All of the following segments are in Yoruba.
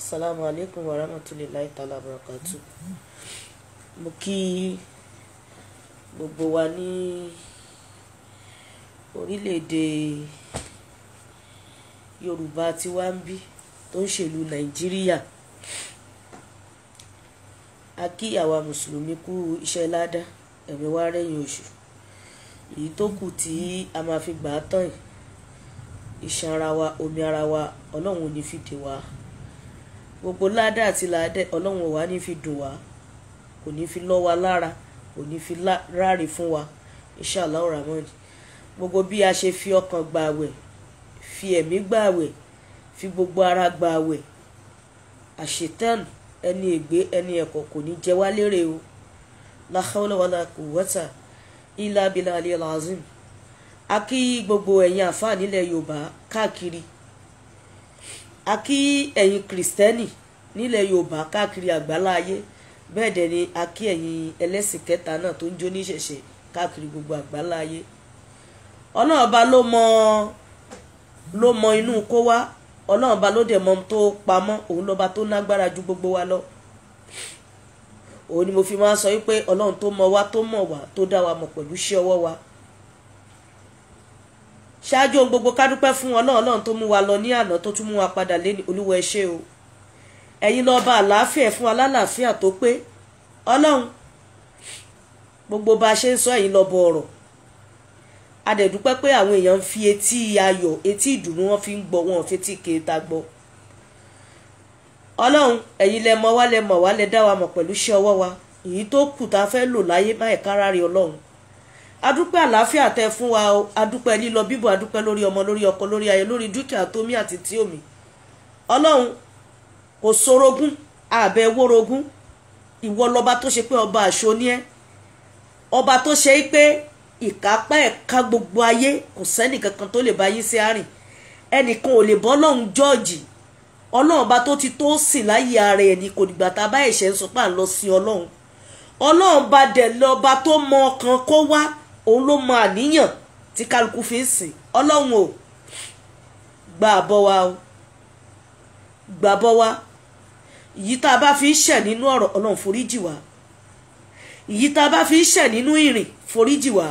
asalaamu aleykum wa rahmatulahi ta'ala barakatu mo kí gbogbo wa ní orílẹ̀-èdè yorùbá tí wá ń bí tó ń ṣèlú nàìjíríà a kí àwa mùsùlùmí kú iṣẹ́ ládá ẹ̀mí wá rẹ́yìn oṣù èyí tó kù tí a máa fi gbà á tán iṣan ara wa omi ara wa ọlọ́run ò ní fi dè wá gbogbo ládà àti làádẹ ọlọ́run ọ̀wá ní fi dùn wá kò ní fi lọ́ wa lára kò ní fi ráre fún wa inshallah rahman gbogbo bí a ṣe fi ọkàn gbààwẹ̀ fi ẹ̀mí gbààwẹ̀ fi gbogbo ara gbààwẹ̀ àṣetán ẹni ègbé ẹni ẹ̀kọ́ kò ní jẹ wá lérè o la hawla wala quwwata illa billahi al-azim a kí gbogbo ẹ̀yin àfáà nílẹ̀ yorùbá káàkiri a kí ẹ̀yin kìrìsìtẹ́nì nílẹ̀ yorùbá káàkiri àgbálá ayé bẹ́ẹ̀ dẹ̀ ni a kí ẹ̀yin ẹlẹ́sìn kẹta náà tó ń jó níṣẹ̀ṣe káàkiri gbogbo àgbálá ayé ọlọ́run ọba ló mọ ló mọ inú kó wá ọlọ́run ọba ló dẹ̀ mọ tó pamọ́ òun lọ́ba tó nágbára ju gbogbo wa lọ òun ni mo fi máa sọ wípé ọlọ́run tó mọ wá tó mọ̀ wá tó dá wa mọ̀ pẹ̀lú iṣẹ́ ọwọ́ wa ṣáájú ohun gbogbo ká dúpẹ́ fún ọlọ́run ọlọ́run tó mú wa lọ ní àná tó tún mú wa padà lẹ́ni olúwa ẹ ṣé o ẹ̀yin lọ́ba àlàáfíà fún alálàáfíà tó pé ọlọ́run gbogbo bá a ṣe ń sọ ẹ̀yin lọ́bọ ọ̀rọ̀ a dẹ̀ dúpẹ́ pé àwọn èèyàn ń fi etí ayọ̀ etí ìdùnnú wọn fi ń gbọ́ wọn fi etí kèéta gbọ́ ọlọ́run ẹ̀yin lẹ mọ̀ wá lẹ mọ̀ wá lẹ dá wa mọ̀ pẹ̀lú iṣẹ́ ọwọ́ wa èyí tó kù tá a fẹ́ lò láyé má ẹ̀kára rí ọlọ́run adúpẹ́ àlàáfíà tẹ fún wa o adúpẹ́ lílọ bíbọ̀ adúpẹ́ lórí ọmọ lórí ọkọ lórí ayé lórí dúkìá tómi àti tíomi ọlọ́run kò sorogún àbẹ̀ wórogún ìwọ lọba tó ṣe pé ọba àṣọ ni ẹ ọba tó ṣe é pé ìkápá ẹ̀ka gbogbo ayé kò sẹ́nì kankan tó lè bá yín sí àárín ẹnìkan ò lè bọ́ ọlọ́run jọ́ọ̀jì ọlọ́run ọba tó ti tó sìn láyé ara ẹ̀ ní kò dìgbà tá a bá ẹ̀ṣẹ̀ ń sọ pé à ń lọ sí ọlọ́run ọlọ́run ba dẹ̀ lọ́ba tó mọ ọkàn kó wá òun ló mọ àníyàn tí kálukú fi ń sìn ọlọ́run o gba àbọ̀ wa o gba àbọ̀ wa ìyí tá a bá fi ń ṣẹ̀ nínú ọ̀rọ̀ ọlọ́run foríjì wa ìyí tá a bá fi ń ṣẹ̀ nínú ìrìn foríjì wa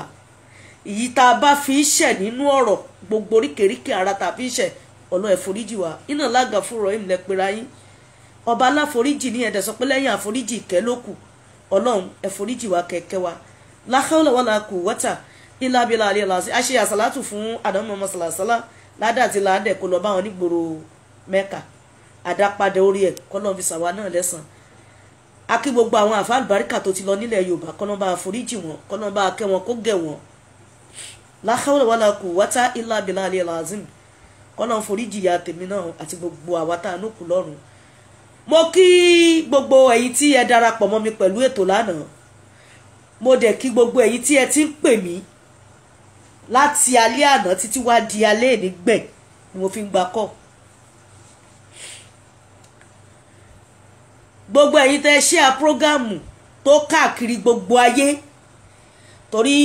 ìyí tá a bá fi ń ṣẹ̀ nínú ọ̀rọ̀ gbogbo oríkèéríkèé ara tá a fi ń ṣẹ̀ ọlọ́run ẹ̀foríjì wa iná lága fúnra ìmìlẹ̀ pera yín ọba aláforíjì ní ẹ̀dẹ̀ àforíjì ìkẹ́ ọlọ́run ẹ̀foríjì wa kẹ̀kẹ́ wa láhàlà wàlà quwwata ilà abilà àlẹ́ làásì a ṣe àsàlátù fún àdánù mọ́sálásálá ládà àti làádẹ̀ kó lọ bá wọn nígboro mẹ́ka àdápadà orí ẹ̀ kọ́lọ́n fi sàwa náà lẹ́sàn akí gbogbo àwọn àfa àlùbáríkà tó ti lọ nílẹ̀ yorùbá kọ́lọ́n bá foríjì wọn kọ́lọ́n bá kẹ́ wọn kó gẹ̀ wọn láhàlà wàlà quwwata ilà abilà àlẹ́ làásì kọ́lọ́n foríjì ya tèmi náà àti gbogbo àwa tá a nókù lọ́rùn mo kí gbogbo ẹ̀yin tí ẹ darapọ̀ mọ́ mi pẹ̀lú ètò lánàá mo dẹ̀ kí gbogbo èyí tí ẹ ti ń pè mí láti alẹ́ àná títí wá di alẹ́ ìnígbẹ̀yìn ni mo fi ń gba kọ́ gbogbo ẹ̀yin tẹ́ ṣe à prógámù tó káàkiri gbogbo ayé torí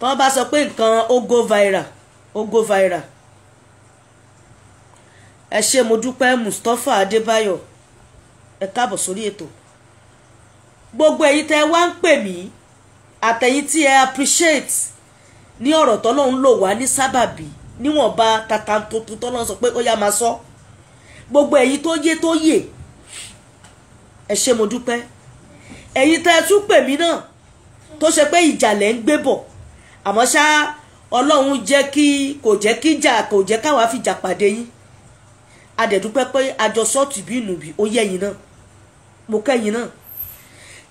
tọ́ bá sọ pé nǹkan ó viral ó viral ẹ ṣé mo dúpẹ́ Mustapha Adébáyọ̀ ẹ káàbọ̀ sórí ètò gbogbo èyí tẹ́ wá ń pè mí àtẹ̀yìn tí ẹ appreciate ní ọ̀rọ̀ tọ́lọ́run lò wá ní sábàbí níwọ̀nba tata tuntun tọ́lọ́run sọ pé ó yá máa sọ gbogbo èyí tó yé tó yè ẹ ṣé mo dúpẹ́ èyí tẹ́ ẹ tún pè mí náà tó ṣe pé ìjàlẹ̀ ń gbé bọ̀ àmọ́ ṣá ọlọ́run jẹ́ kí kò jẹ́ kí jà kò jẹ́ káwa fi jà pàdé yín adẹ̀dúpẹ́ pé àjọsọ́ọ̀tì bí ìnùbí ó yẹ̀yìn náà mo kẹ́yìn náà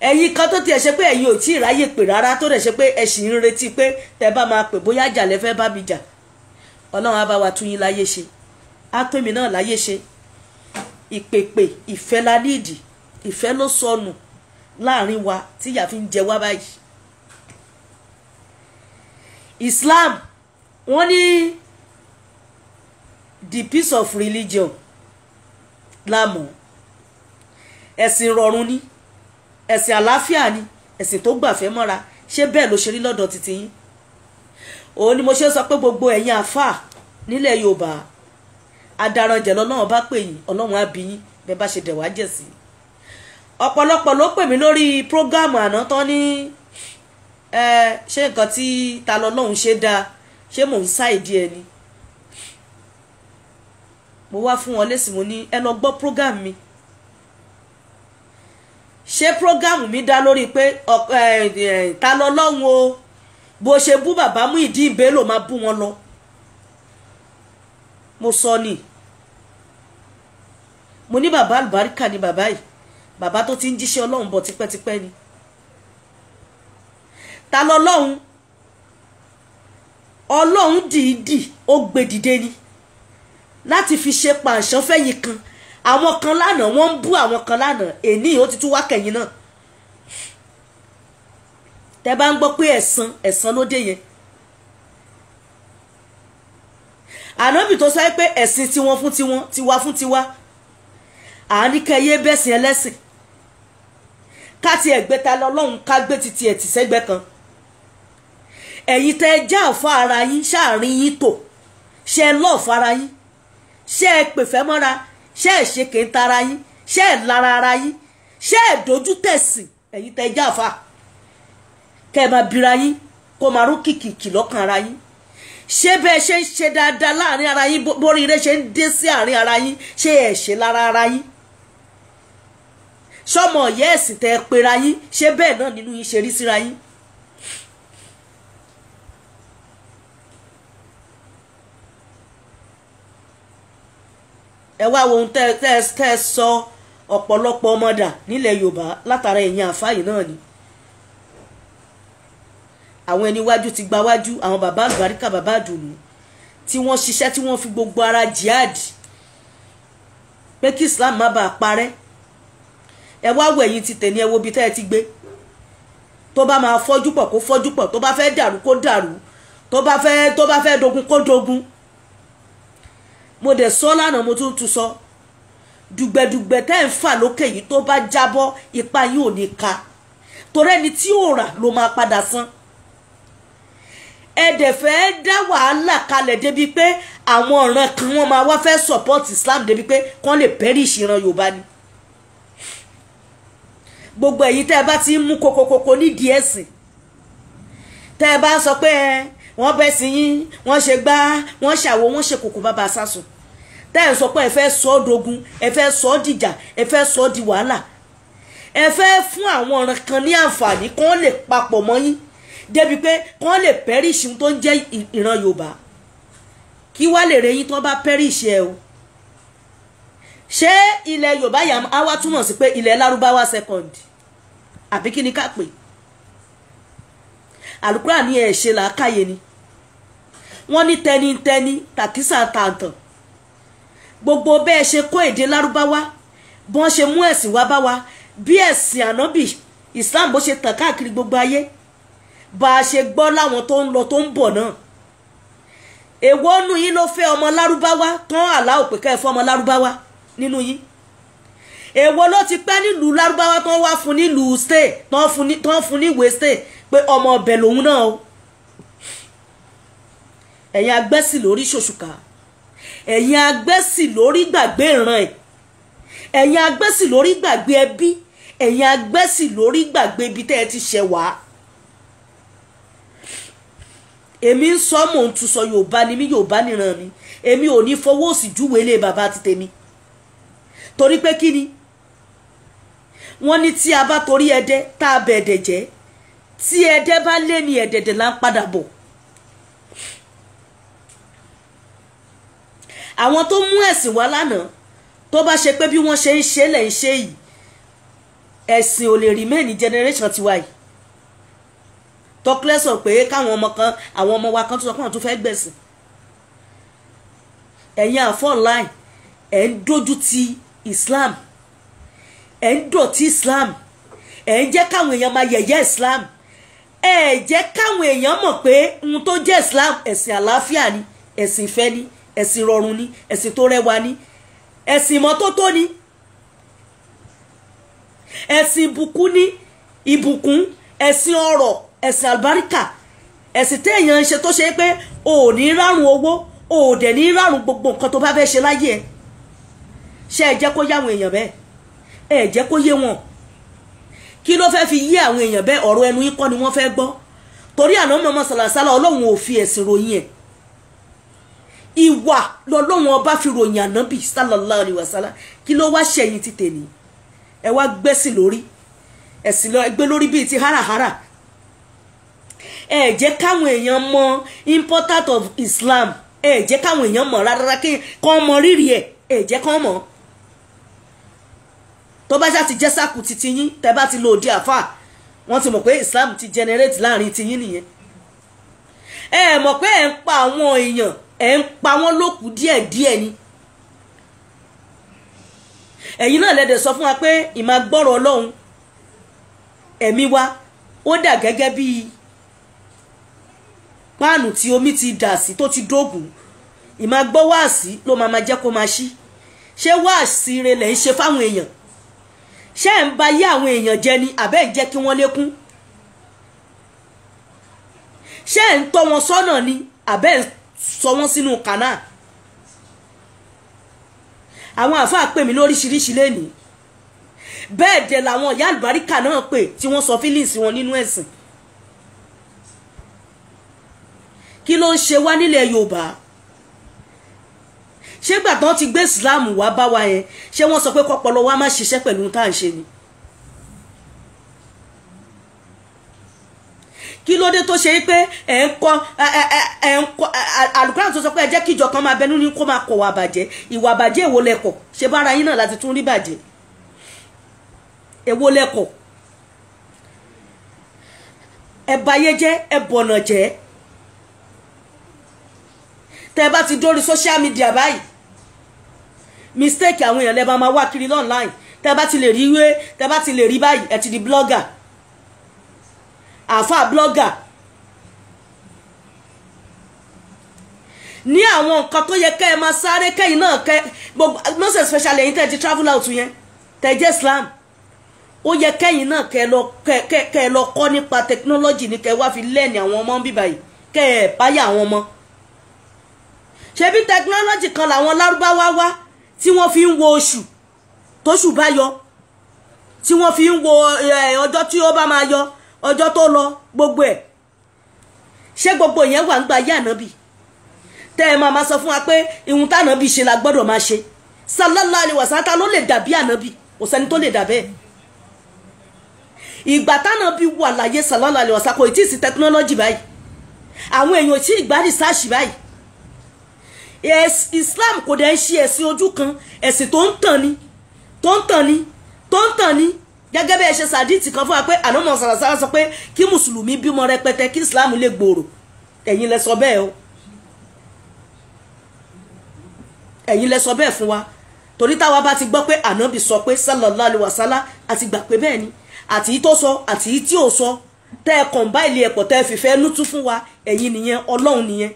ẹ̀yin kan tó tiẹ̀ ṣe pé ẹ̀yin ò tí ì ráyè pè rárá tó dẹ̀ ṣe pé ẹ ń retí pé tẹ́ bá máa pè bóyá jà lẹ́fẹ́ bá mi jà ọlọ́run á tún yín láyé ṣe á náà láyé ṣe ìpèpè ìfẹ́ la níìdì ìfẹ́ ló sọnù láàrin wa tíyà fi ń jẹ wá báyìí Islam wọ́n ní the peace of religion lámọ̀ ẹ̀sìn rọrùn ni ẹ̀sìn àlàáfíà ni ẹ̀sìn tó gbàfẹ́ mọ́ra ṣé bẹ́ẹ̀ ló ṣe rí lọ́dọ̀ títí yín òun ni mo ṣe sọ pé gbogbo ẹ̀yin àfáà nílẹ̀ Yorùbá adaranjẹ lọ́lọ́run bá pè yín Ọlọ́run á bí yín bẹ́ẹ̀ bá ṣe dẹ̀wà jẹ̀ sí ọ̀pọ̀lọpọ̀ ló pè mí lórí prógáàmù àná tán ní ṣé nǹkan tí ta lọ́lọ́run ṣe dáa ṣé mò ń sá ìdí ẹ ni mo wá fún wọn lésì mo ní ẹ lọ gbọ́ prógáàmù mi ṣé prógámù mi dá lórí pé ta lọ lọ́hùn o bó ṣe bú bàbá mú ìdí ìbélò máa bú wọn lọ mo sọ ni mo ní bàbá àlùbáríkà ni bàbá yìí bàbá tó ti ń jíṣẹ́ ọlọ́run bọ̀ tipẹ́tipẹ́ ni ta lọ lọ́hùn ọlọ́run dìídì ó gbé ni láti fi ṣe pàṣán fẹ́yìn kan àwọn kan lánàá wọ́n ń bú àwọn kan lánàá èní ó ti tún wá kẹ̀yìn náà tẹ bá ń gbọ́ pé ẹ̀san ẹ̀san ló dé yẹn ànábì tó sọ pé ẹ̀sìn tiwọn fún tiwọn tiwa fún tiwa àáníkẹyẹ bẹ́sìn ẹlẹ́sìn ká ti ẹ̀gbẹ́ta lọ́lọ́run ká gbé titi ẹ̀ tì sẹ́gbẹ́ kan ẹ̀yin tẹ́ já àfa ara yín ṣáàrin yín tò ṣe lọ́ọ̀fù ara yín ṣe é pèfẹ́ mọ́ra ṣé ẹ̀ ṣe kè ń tara yín ṣé ẹ̀ lára ara yín ṣé ẹ̀ dojú tẹ̀sìn ẹ̀yin tẹ́ jáfa kẹ́ ẹ máa bira yín kó máa rú kìkìkì lọ́kàn ara yín ṣé bẹ́ẹ̀ ṣe ń ṣe dáadáa láàrin ara yín bórí ire ṣe ń dé sí àárín ara yín ṣé ẹ̀ ṣe lára ara yín sọmọ ìyá ẹ̀sìn tẹ́ pera yín ṣé bẹ́ẹ̀ náà nínú yín ṣe rí síra yín ẹ wá wo ohun tẹ́ ẹ sọ ọ̀pọ̀lọpọ̀ ọmọdà nílẹ̀ yorùbá látara ẹ̀yìn àfáàyè náà ni àwọn ẹni wájú ti gba wájú àwọn bàbá àgbàríkà bàbá àdùnnú tí wọ́n ṣiṣẹ́ tí wọ́n fi gbogbo ara jihad pé kí islam má bàa parẹ́ ẹ wá wo ẹ̀yìn ti tẹ̀lé ẹ wo ibi tẹ́ ẹ ti gbé tó bá máa fọ́jú pọ̀ kó fọ́jú pọ̀ tó bá fẹ́ dàrú kó dàrú tó bá fẹ́ dogun kó dogun mo dẹ̀ sọ lánàá mo tún tún sọ dùgbẹ̀dùgbẹ̀ tẹ́ ń fà lókè yìí tó bá jábọ́ ipa yín ò ní ka torí ẹni tí ò rà ló máa padà san ẹ dẹ̀ fẹ́ dá wàhálà kalẹ̀ débi pé àwọn ọ̀ràn kan wọ́n máa wá fẹ́ support Islam débi pé kán lè perish ìran Yorùbá ni gbogbo èyí tẹ́ ẹ bá ti ń mú kokokoko nídìí ẹ̀sìn tẹ́ ẹ bá sọ pé ẹ wọ́n bẹ́ sí yín wọ́n ṣe gbá wọ́n ṣàwo wọ́n ṣe kòkò bàbá sásùn tẹ́ ẹ̀ sọ pé ẹ fẹ́ sọ ọ́ dogun ẹ fẹ́ sọ ọ́ dìjà ẹ fẹ́ sọ ọ́ di wàhálà ẹ fẹ́ fún àwọn ọ̀ràn kan ní àǹfààní kán lè papọ̀ mọ́ yín débi pé kán lè pẹ́rìṣì tó ń jẹ́ ìran Yorùbá kí wá lè rẹ yín tó bá pẹ́rìṣì ẹ o ṣé ilẹ̀ Yorùbá yà á wá túmọ̀ sí pé ilẹ̀ Lárúbáwá second àbí kí ni ká pè àlùkùrà ní ẹ̀ ṣe làákàyè ni wọ́n ní tẹnitẹni tàkísà tàǹtàn gbogbo bẹ́ẹ̀ ṣe kó èdè lárúbáwá bọ́n ṣe mú ẹ̀sìn wá bá wa bí ẹ̀sìn ànábì islam bó ṣe tàn káàkiri gbogbo ayé bá a ṣe gbọ́ láwọn tó ń lọ tó ń bọ̀ náà èwo nù yín ló fẹ́ ọmọ lárúbáwá tán àláò pé ká ẹ fọ́ ọmọ lárúbáwá nínú yín èwo ló ti pẹ́ nílùú lárúbáwá tán wá fún nílùú stay tán fún níwèé stay pé ọmọ ọbẹ̀ lòun náà o ẹ̀yin agbẹ́sì lórí ṣòṣùkà ẹ̀yin agbẹ́sì lórí gbàgbé ìran ẹ̀ ẹ̀yin agbẹ́sì lórí gbàgbé ẹbí ẹ̀yin agbẹ́sì lórí gbàgbé ibi tẹ́ ẹ ti ṣẹ̀ wá. èmi ń sọ mò ń tún sọ yorùbá ni mí yorùbá nìran mi èmi ò ní fọwọ́ òsì júwèé lé bàbá ti tèmi torí pé kí ni wọ́n ní tí a bá torí ẹdẹ tá a bẹ̀ ẹ̀dẹ̀ jẹ́ tí ẹdẹ bá lé ní ẹ̀dẹ̀dẹ̀ là ń padà bọ̀ àwọn tó mú ẹ̀sìn wá lánàá tó bá ṣe pé bí wọ́n ṣe ń ṣe lẹ̀ ń ṣe yìí ẹ̀sìn ò lè remain ní generation tiwa yìí tọ́kílẹ̀ pé káwọn ọmọ kan àwọn ọmọ wa kan tó sọ pé àwọn tó fẹ́ gbẹ̀sìn ẹ̀yin àfọ́ online ẹ̀ ń dojú ti Islam ẹ̀ ń dọ̀tí Islam ẹ̀ ń jẹ́ káwọn èèyàn máa yẹ̀yẹ́ Islam ẹ̀ jẹ́ káwọn èèyàn mọ̀ pé ohun tó jẹ́ Islam ẹ̀sìn àlàáfíà ni ẹ̀sìn ìfẹ́ ni ẹ̀sìn rọrùn ni ẹ̀sìn tó rẹwà ni ẹ̀sìn ìmọ́tótó ni ẹ̀sìn ìbùkún ni ìbùkún ẹ̀sìn ọrọ̀ ẹ̀sìn àlùbáríkà ẹ̀sìn téèyàn ṣe tó ṣe pé o ò ní rárun owó o ò dẹ̀ ní rárun gbogbo nǹkan tó bá fẹ́ ṣe láyé ẹ̀ ṣe ẹ̀ jẹ́ kó yá àwọn èèyàn bẹ́ẹ̀ ẹ̀ jẹ́ kó yé wọn kí ló fẹ́ fi yí àwọn èèyàn bẹ́ẹ̀ ọ̀rọ̀ ẹnu yín kọ́ ni wọ́n fẹ́ gbọ́ torí àná mọ́mọ́ sàlàsálà ọlọ́run ò fi ẹ̀sìn ròyìn ẹ̀ ìwà lọ́lọ́run ọba fi ròyìn ànábì sallallahu alaihi wasallam kí ló wá ṣẹ̀yìn ti tèmi ẹ wá gbẹ́sìn lórí ẹ̀sìn lọ ẹgbẹ́ lórí bíi ti hárahárà ẹ jẹ́ káwọn èèyàn mọ important of Islam ẹ jẹ́ káwọn èèyàn mọ̀ rárá kí kán mọ rírì ẹ̀ ẹ jẹ́ kán mọ̀ tó bá ṣá ti jẹ́ sáàkù titi yín tẹ́ bá ti lo òdi àfà wọ́n ti mọ̀ pé Islam ti generate láàrin ti yín nìyẹn ẹ mọ̀ pé ẹ̀ ń pa àwọn èèyàn ẹ̀ ń pa wọ́n lókù díẹ̀díẹ̀ ni ẹ̀yin náà lẹ́dẹ̀ sọ fún wa pé ìmá gbọ́rọ̀ ọlọ́run ẹ̀mí wa ó dà gẹ́gẹ́ bí páànù tí omi ti dà sí tó ti dógùn ìmá gbọ́ wáàsí ló máa ma jẹ́ kó máa ṣí ṣé wáàsí rẹ̀ lẹ̀ ń ṣe fáwọn èèyàn ṣé ẹ̀ ń ba yé àwọn èèyàn jẹ ni àbẹ́ ń jẹ́ kí wọ́n lékún ṣé ẹ̀ ń tọ́ wọn sọ́nà ni àbẹ́ ń sọ wọ́n sínú kànáà àwọn àáfàá pè mí lóríṣiríṣi lénìí bẹ́ẹ̀ dẹ̀ làwọn ìyá àlùbáríkà náà pè tí wọ́n sọ feelings wọn nínú ẹ̀sìn kí ló ń ṣe wá nílẹ̀ Yorùbá ṣé gbà tán ti gbé Islam wá bá wa yẹn ṣé wọ́n sọ pé kọ́pọ̀lọ́ wa má ṣiṣẹ́ pẹ̀lú tá à ń ṣe ni. kí ló dé tó ṣe é pé ẹ̀ ń kọ́ ẹ̀ ń kọ́ àlùkùránì tó sọ pé ẹ jẹ́ kíjọ kan máa bẹnu ní kó máa kọ̀ wà bàjẹ́ ìwà bàjẹ́ èwo lẹ́kọ̀ ṣe bára yín náà láti tún rí bàjẹ́ èwo lẹ́kọ̀ ẹ bayé jẹ́ ẹ bọ̀nà jẹ́ tẹ́ ẹ bá ti dórí social media báyìí mistake àwọn èèyàn lẹ́ bá máa wá kiri online tẹ́ ẹ bá ti lè rí wé tẹ́ ẹ bá ti lè rí báyìí ẹ ti di blogger àáfàá blogger ní àwọn nǹkan tó yẹ kẹ́ ẹ máa sáré kẹ́yìn náà kẹ́ gbogbo nọ́ọ̀sì especially ẹ̀yin tẹ́ ẹ ti travel out yẹn tẹ́ ẹ jẹ́ Islam ó yẹ kẹ́yìn náà kẹ́ ẹ lọ kọ́ nípa technology ni kẹ́ ẹ wá fi lẹ́ẹ̀nì àwọn ọmọ ń bíbá yìí kẹ́ ẹ báyà àwọn ọmọ ṣebí technology kan làwọn lárúbáwá wá tí wọ́n fi ń wo oṣù tóṣù bá yọ tí wọ́n fi ń wo ọjọ́ tí ó bá máa yọ ọjọ́ tó lọ gbogbo ẹ̀ ṣé gbogbo yẹn wà ń gba ayé ànábì tẹ́ ẹ máa ma sọ fún wa pé ìhun tànábì ṣe la gbọ́dọ̀ máa ṣe sallallahu alaihi wasallam ta ló lè dàbí ànábì kò sẹ́ni tó lè dàbẹ́ ìgbà tànábì wà láyé sallallahu alaihi wasallam kò tí ì sí tẹkinọ́lọ́jì báyìí àwọn èèyàn tí ìgbà rìsáàṣì báyìí Islam kò dẹ̀ ń ṣe ẹ̀sìn ojú kan ẹ̀sìn tó ń tàn ni tó ń tàn ni tó ń tàn ni gẹ́gẹ́ bí ẹ ṣe sàdíìtì kan fún wa pé ànámọ̀ sàràsàrà sọ pé kí mùsùlùmí bímọ rẹpẹtẹ kí islam lè gbòòrò ẹ̀yin lẹ sọ bẹ́ẹ̀ o ẹ̀yin lẹ sọ bẹ́ẹ̀ fún wa torí táwa bá ti gbọ́ pé ànábì sọ pé sallallahu alaihi wasallam àti gbà pé bẹ́ẹ̀ ni àti yìí tó sọ àti yìí tí ò sọ tẹ́ ẹ kàn bá ilé ẹ̀pọ̀ tẹ́ ẹ fìfẹ́ nútú fún wa ẹ̀yin nìyẹn ọlọ́run nìyẹn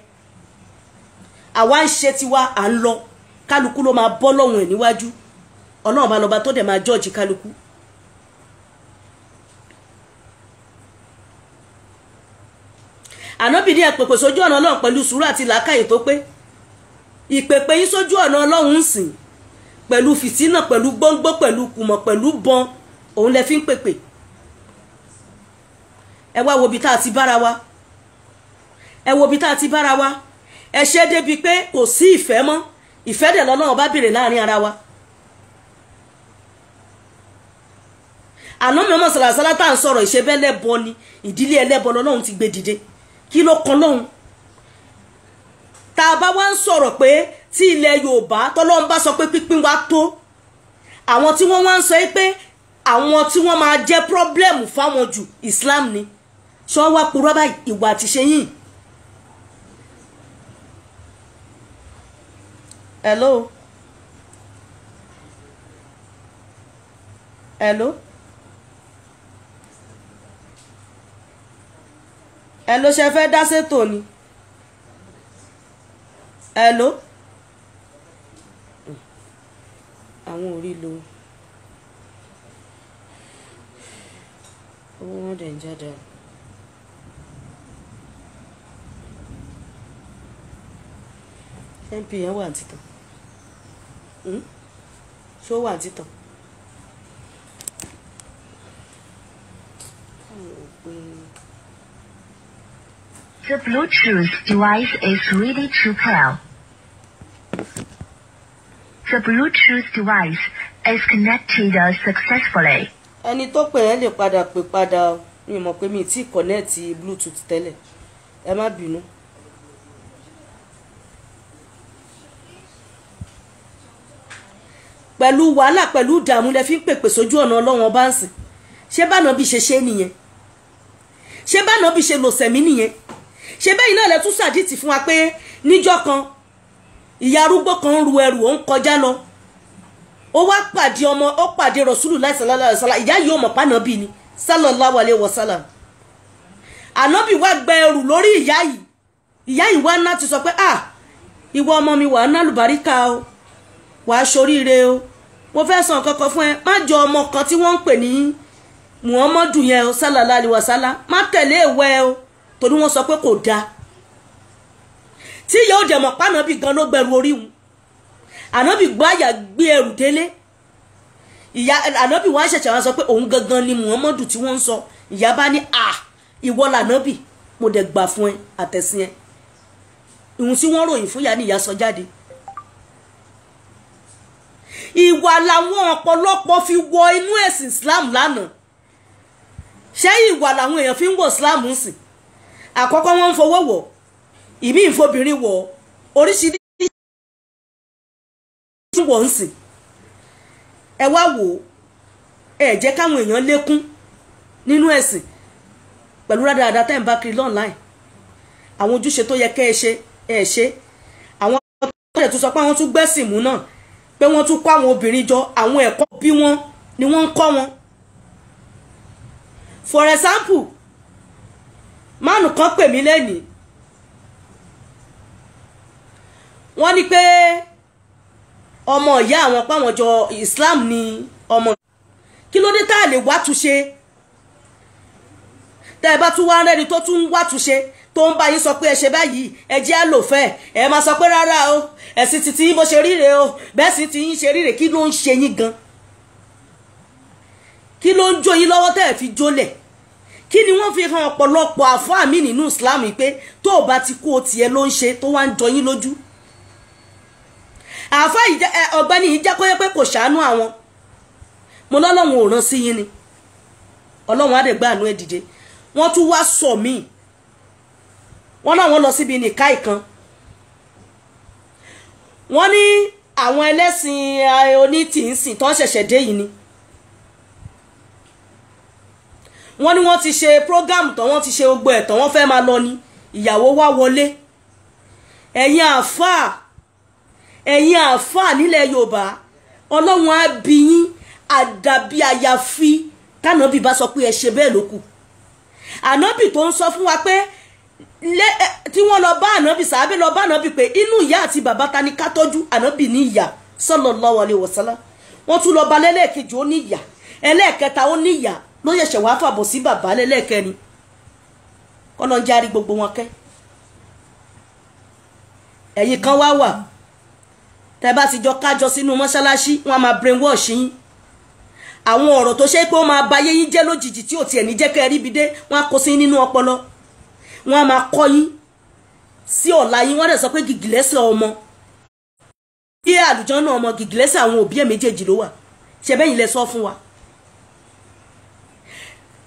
àwa ń ṣe tiwa à ń lọ kálukú ló máa bọ́ lọ́hùn ẹ̀ níwájú ọlọ́run bá lọ́ba tó dẹ̀ máa jọ́ọ̀jì kálukú ànábì ní ẹ̀pẹ̀pẹ̀ sójú ọ̀nà ọlọ́run pẹ̀lú sùúrù àti làákàyè tó pé ìpèpè yín sójú ọ̀nà ọlọ́run ń sìn pẹ̀lú fìtínà pẹ̀lú gbóngbó pẹ̀lú kùmọ̀ pẹ̀lú bọn òun lẹ fi ń pèpè ẹ wá wo ibi tá a ti bára wa ẹ wo ibi tá a ti bára wa ẹ ṣe débi pé kò sí ìfẹ́ mọ́ ìfẹ́ dẹ̀ lọ́nà ọba béèrè láàrin ara wa àná mi ọmọ sàlàsàlà tá à ń sọ̀rọ̀ ìṣe bẹ́ẹ̀ lẹ́bọ ni ìdílé ẹlẹ́bọ lọ́nà òun ti gbé dìde kí ló kan lọ́hùn tá a bá wá ń sọ̀rọ̀ pé tí ilẹ̀ Yorùbá tọ́lọ́run bá sọ pé pínpín wa tó àwọn tí wọ́n wá ń sọ pé àwọn tí wọ́n máa jẹ́ pírọ́blẹ́mù fáwọn jù Islam ni sọ wá purọ́ báyìí ìwà àtìṣe yìí. Hello? Hello? ẹ ló ṣe fẹ́ dá sétò ni ẹ ló àwọn ò rí lo owó wọn dẹ̀ ń jáde. mp yẹn wà títàn hmm? ṣó wà títàn. Mm? The Bluetooth device is ready to pair. The Bluetooth device is connected successfully. Ẹni tó pè ẹ́ lè padà pè padà mi mọ̀ pé mi ti kọ̀nẹ́ẹ̀tì Bluetooth tẹ́lẹ̀ ẹ má bínú. pẹ̀lú wàhálà pẹ̀lú ìdààmú lẹ fi ń pèpè sójú ọ̀nà ọlọ́wọ́n bá ń sìn ṣé báná bí ṣe ṣe nìyẹn ṣé báná bí ṣe lòsẹ̀mí nìyẹn ṣe bẹ́yìn náà lẹ tún sàdítì fún wa pé níjọ́ kan ìyá arúgbó kan ń ru ẹrù ó ń kọjá lọ ó wá pàdé ọmọ ó pàdé Rasulullah sallallahu alaihi wasallam ìyá yìí ó mọ̀ pàná bí ni sallallahu alaihi wasallam ànábì wá gba ẹrù lórí ìyá yìí ìyá yìí wá náà ti sọ pé ah ìwọ ọmọ mi wàá nálùbáríkà o wàá ṣoríire o mo fẹ́ sọ nǹkan kan fún ẹ má jọ ọmọ kan tí wọ́n ń pè ní Muhammadu yẹn o sallallahu alaihi wasallam má tẹ̀lé ìwẹ́ o torí wọ́n sọ pé kò dáa tí yóò dẹ̀ mọ̀ pànàbì gan ló gbẹ̀rù orí wọn ànábì gbọ́ àyà gbé ẹrù délé ìyá ànábì wá ṣẹ̀ṣẹ̀ wá sọ pé òun gangan ni muhammadu tí wọ́n ń sọ ìyá bá ní à ìwọ lànábì mo dẹ̀ gbà fún ẹ àtẹ̀sìn ẹ ìhun tí wọ́n ròyìn fún ìyá ìyá sọ jáde ìwà làwọn ọ̀pọ̀lọpọ̀ fi wọ inú ẹ̀sìn islam lánàá ṣé ìwà làwọn èèyàn fi ń wọ islam ń sìn àkọ́kọ́ wọ́n ń fowó wọ̀ ìmí ìfobìnrin wọ̀ oríṣiríṣi wọ̀ ń sìn ẹ wá wò ó ẹ jẹ́ káwọn èèyàn lékún nínú ẹ̀sìn pẹ̀lú rádaràda tẹ́ ń bá kiri online àwọn ojúṣe tó yẹ kẹ́ ẹ ṣe ẹ ṣe àwọn tó yẹ tó sọ pé àwọn tún gbẹ́sìn mú náà pé wọ́n tún kọ́ àwọn obìnrin jọ àwọn ẹ̀kọ́ bí wọ́n ni wọ́n ń kọ́ wọn. for example mánu kan pè mí lẹ́nìí wọ́n ní pé ọmọ ìyá àwọn páwọn Islam ni ọmọ kí ló dé tá a lè wá túnṣe tẹ́ ẹ bá tún wá rẹ́ni tó tún wá túnṣe tó ń bá yín sọ pé ẹ ṣe báyìí ẹ jẹ́ àlòfẹ́ ẹ máa sọ pé rárá o ẹ̀sìn títí yín bó ṣe ríre o bẹ́ẹ̀ sì ti yín ṣe ríre kí ló ń ṣe yín gan kí ló ń jó yín lọ́wọ́ tẹ́ ẹ fi jólẹ̀ kí ni wọ́n fi hàn ọ̀pọ̀lọpọ̀ àfáà mi nínú Islam pé tó o bá ti kú o tiẹ̀ ló ń ṣe tó wá ń jọyín lójú àfáà ọ̀gbẹ́ni yìí jẹ́ kóyẹ́ pé kò ṣàánú àwọn mo lọ́lọ́run ò rán sí yín ni ọlọ́run àdẹ̀gbà àánú ẹ̀ dìde wọ́n tún wá sọ mí wọ́n náà wọ́n lọ síbi nìka ìkan wọ́n ní àwọn ẹlẹ́sìn oní tìǹsìn tó ń ṣẹ̀ṣẹ̀ dé yìí ni. wọ́n ní wọ́n ti ṣe program tán wọ́n ti ṣe gbogbo ẹ̀ tán wọ́n fẹ́ máa lọ ni ìyàwó wá wọlé ẹ̀yin àáfàá ẹ̀yin àáfàá nílẹ̀ yorùbá ọlọ́run á bí yín àdàbí àyàfi tànàbí bá sọ pé ẹ ṣe bẹ́ẹ̀ ló kù ànábì tó ń sọ fún wa pé tí wọ́n lọ bá ànábì sàábẹ́ lọ bá ànábì pé inú ìyá àti bàbá ta ni ká tọ́jú ànábì ní ìyá sallallahu alaihi wasallam wọ́n tún lọ bá lẹ́lẹ́kejì ó ní ìyá ẹlẹ́ẹ̀kẹta ó ní ìyá ló yẹ̀ṣẹ̀ wá fàbọ̀ sí bàbá lẹ́lẹ́kẹ́ni ọlọ́run járí gbogbo wọn kẹ́ ẹ̀yin kan wá wà tẹ́ bá ti jọ kájọ sínú mọ́ṣáláṣí wọn máa brainwash yín àwọn ọ̀rọ̀ tó ṣe pé ó máa bayé yín jẹ́ lójijì tí ò tiẹ̀ ní jẹ́ kẹ́ ẹ ríbi dé wọn á kó sí nínú ọpọlọ wọn á máa kọ́ yín sí ọ̀la yín wọ́n dẹ̀ sọ pé gìgìlẹ́sẹ̀ ọmọ bí àlùjọ náà ọmọ gìgìlẹ́sẹ̀ àwọn òbí ẹ̀ méjèèjì ló wà ṣẹbẹ́yìn lẹ sọ fún wa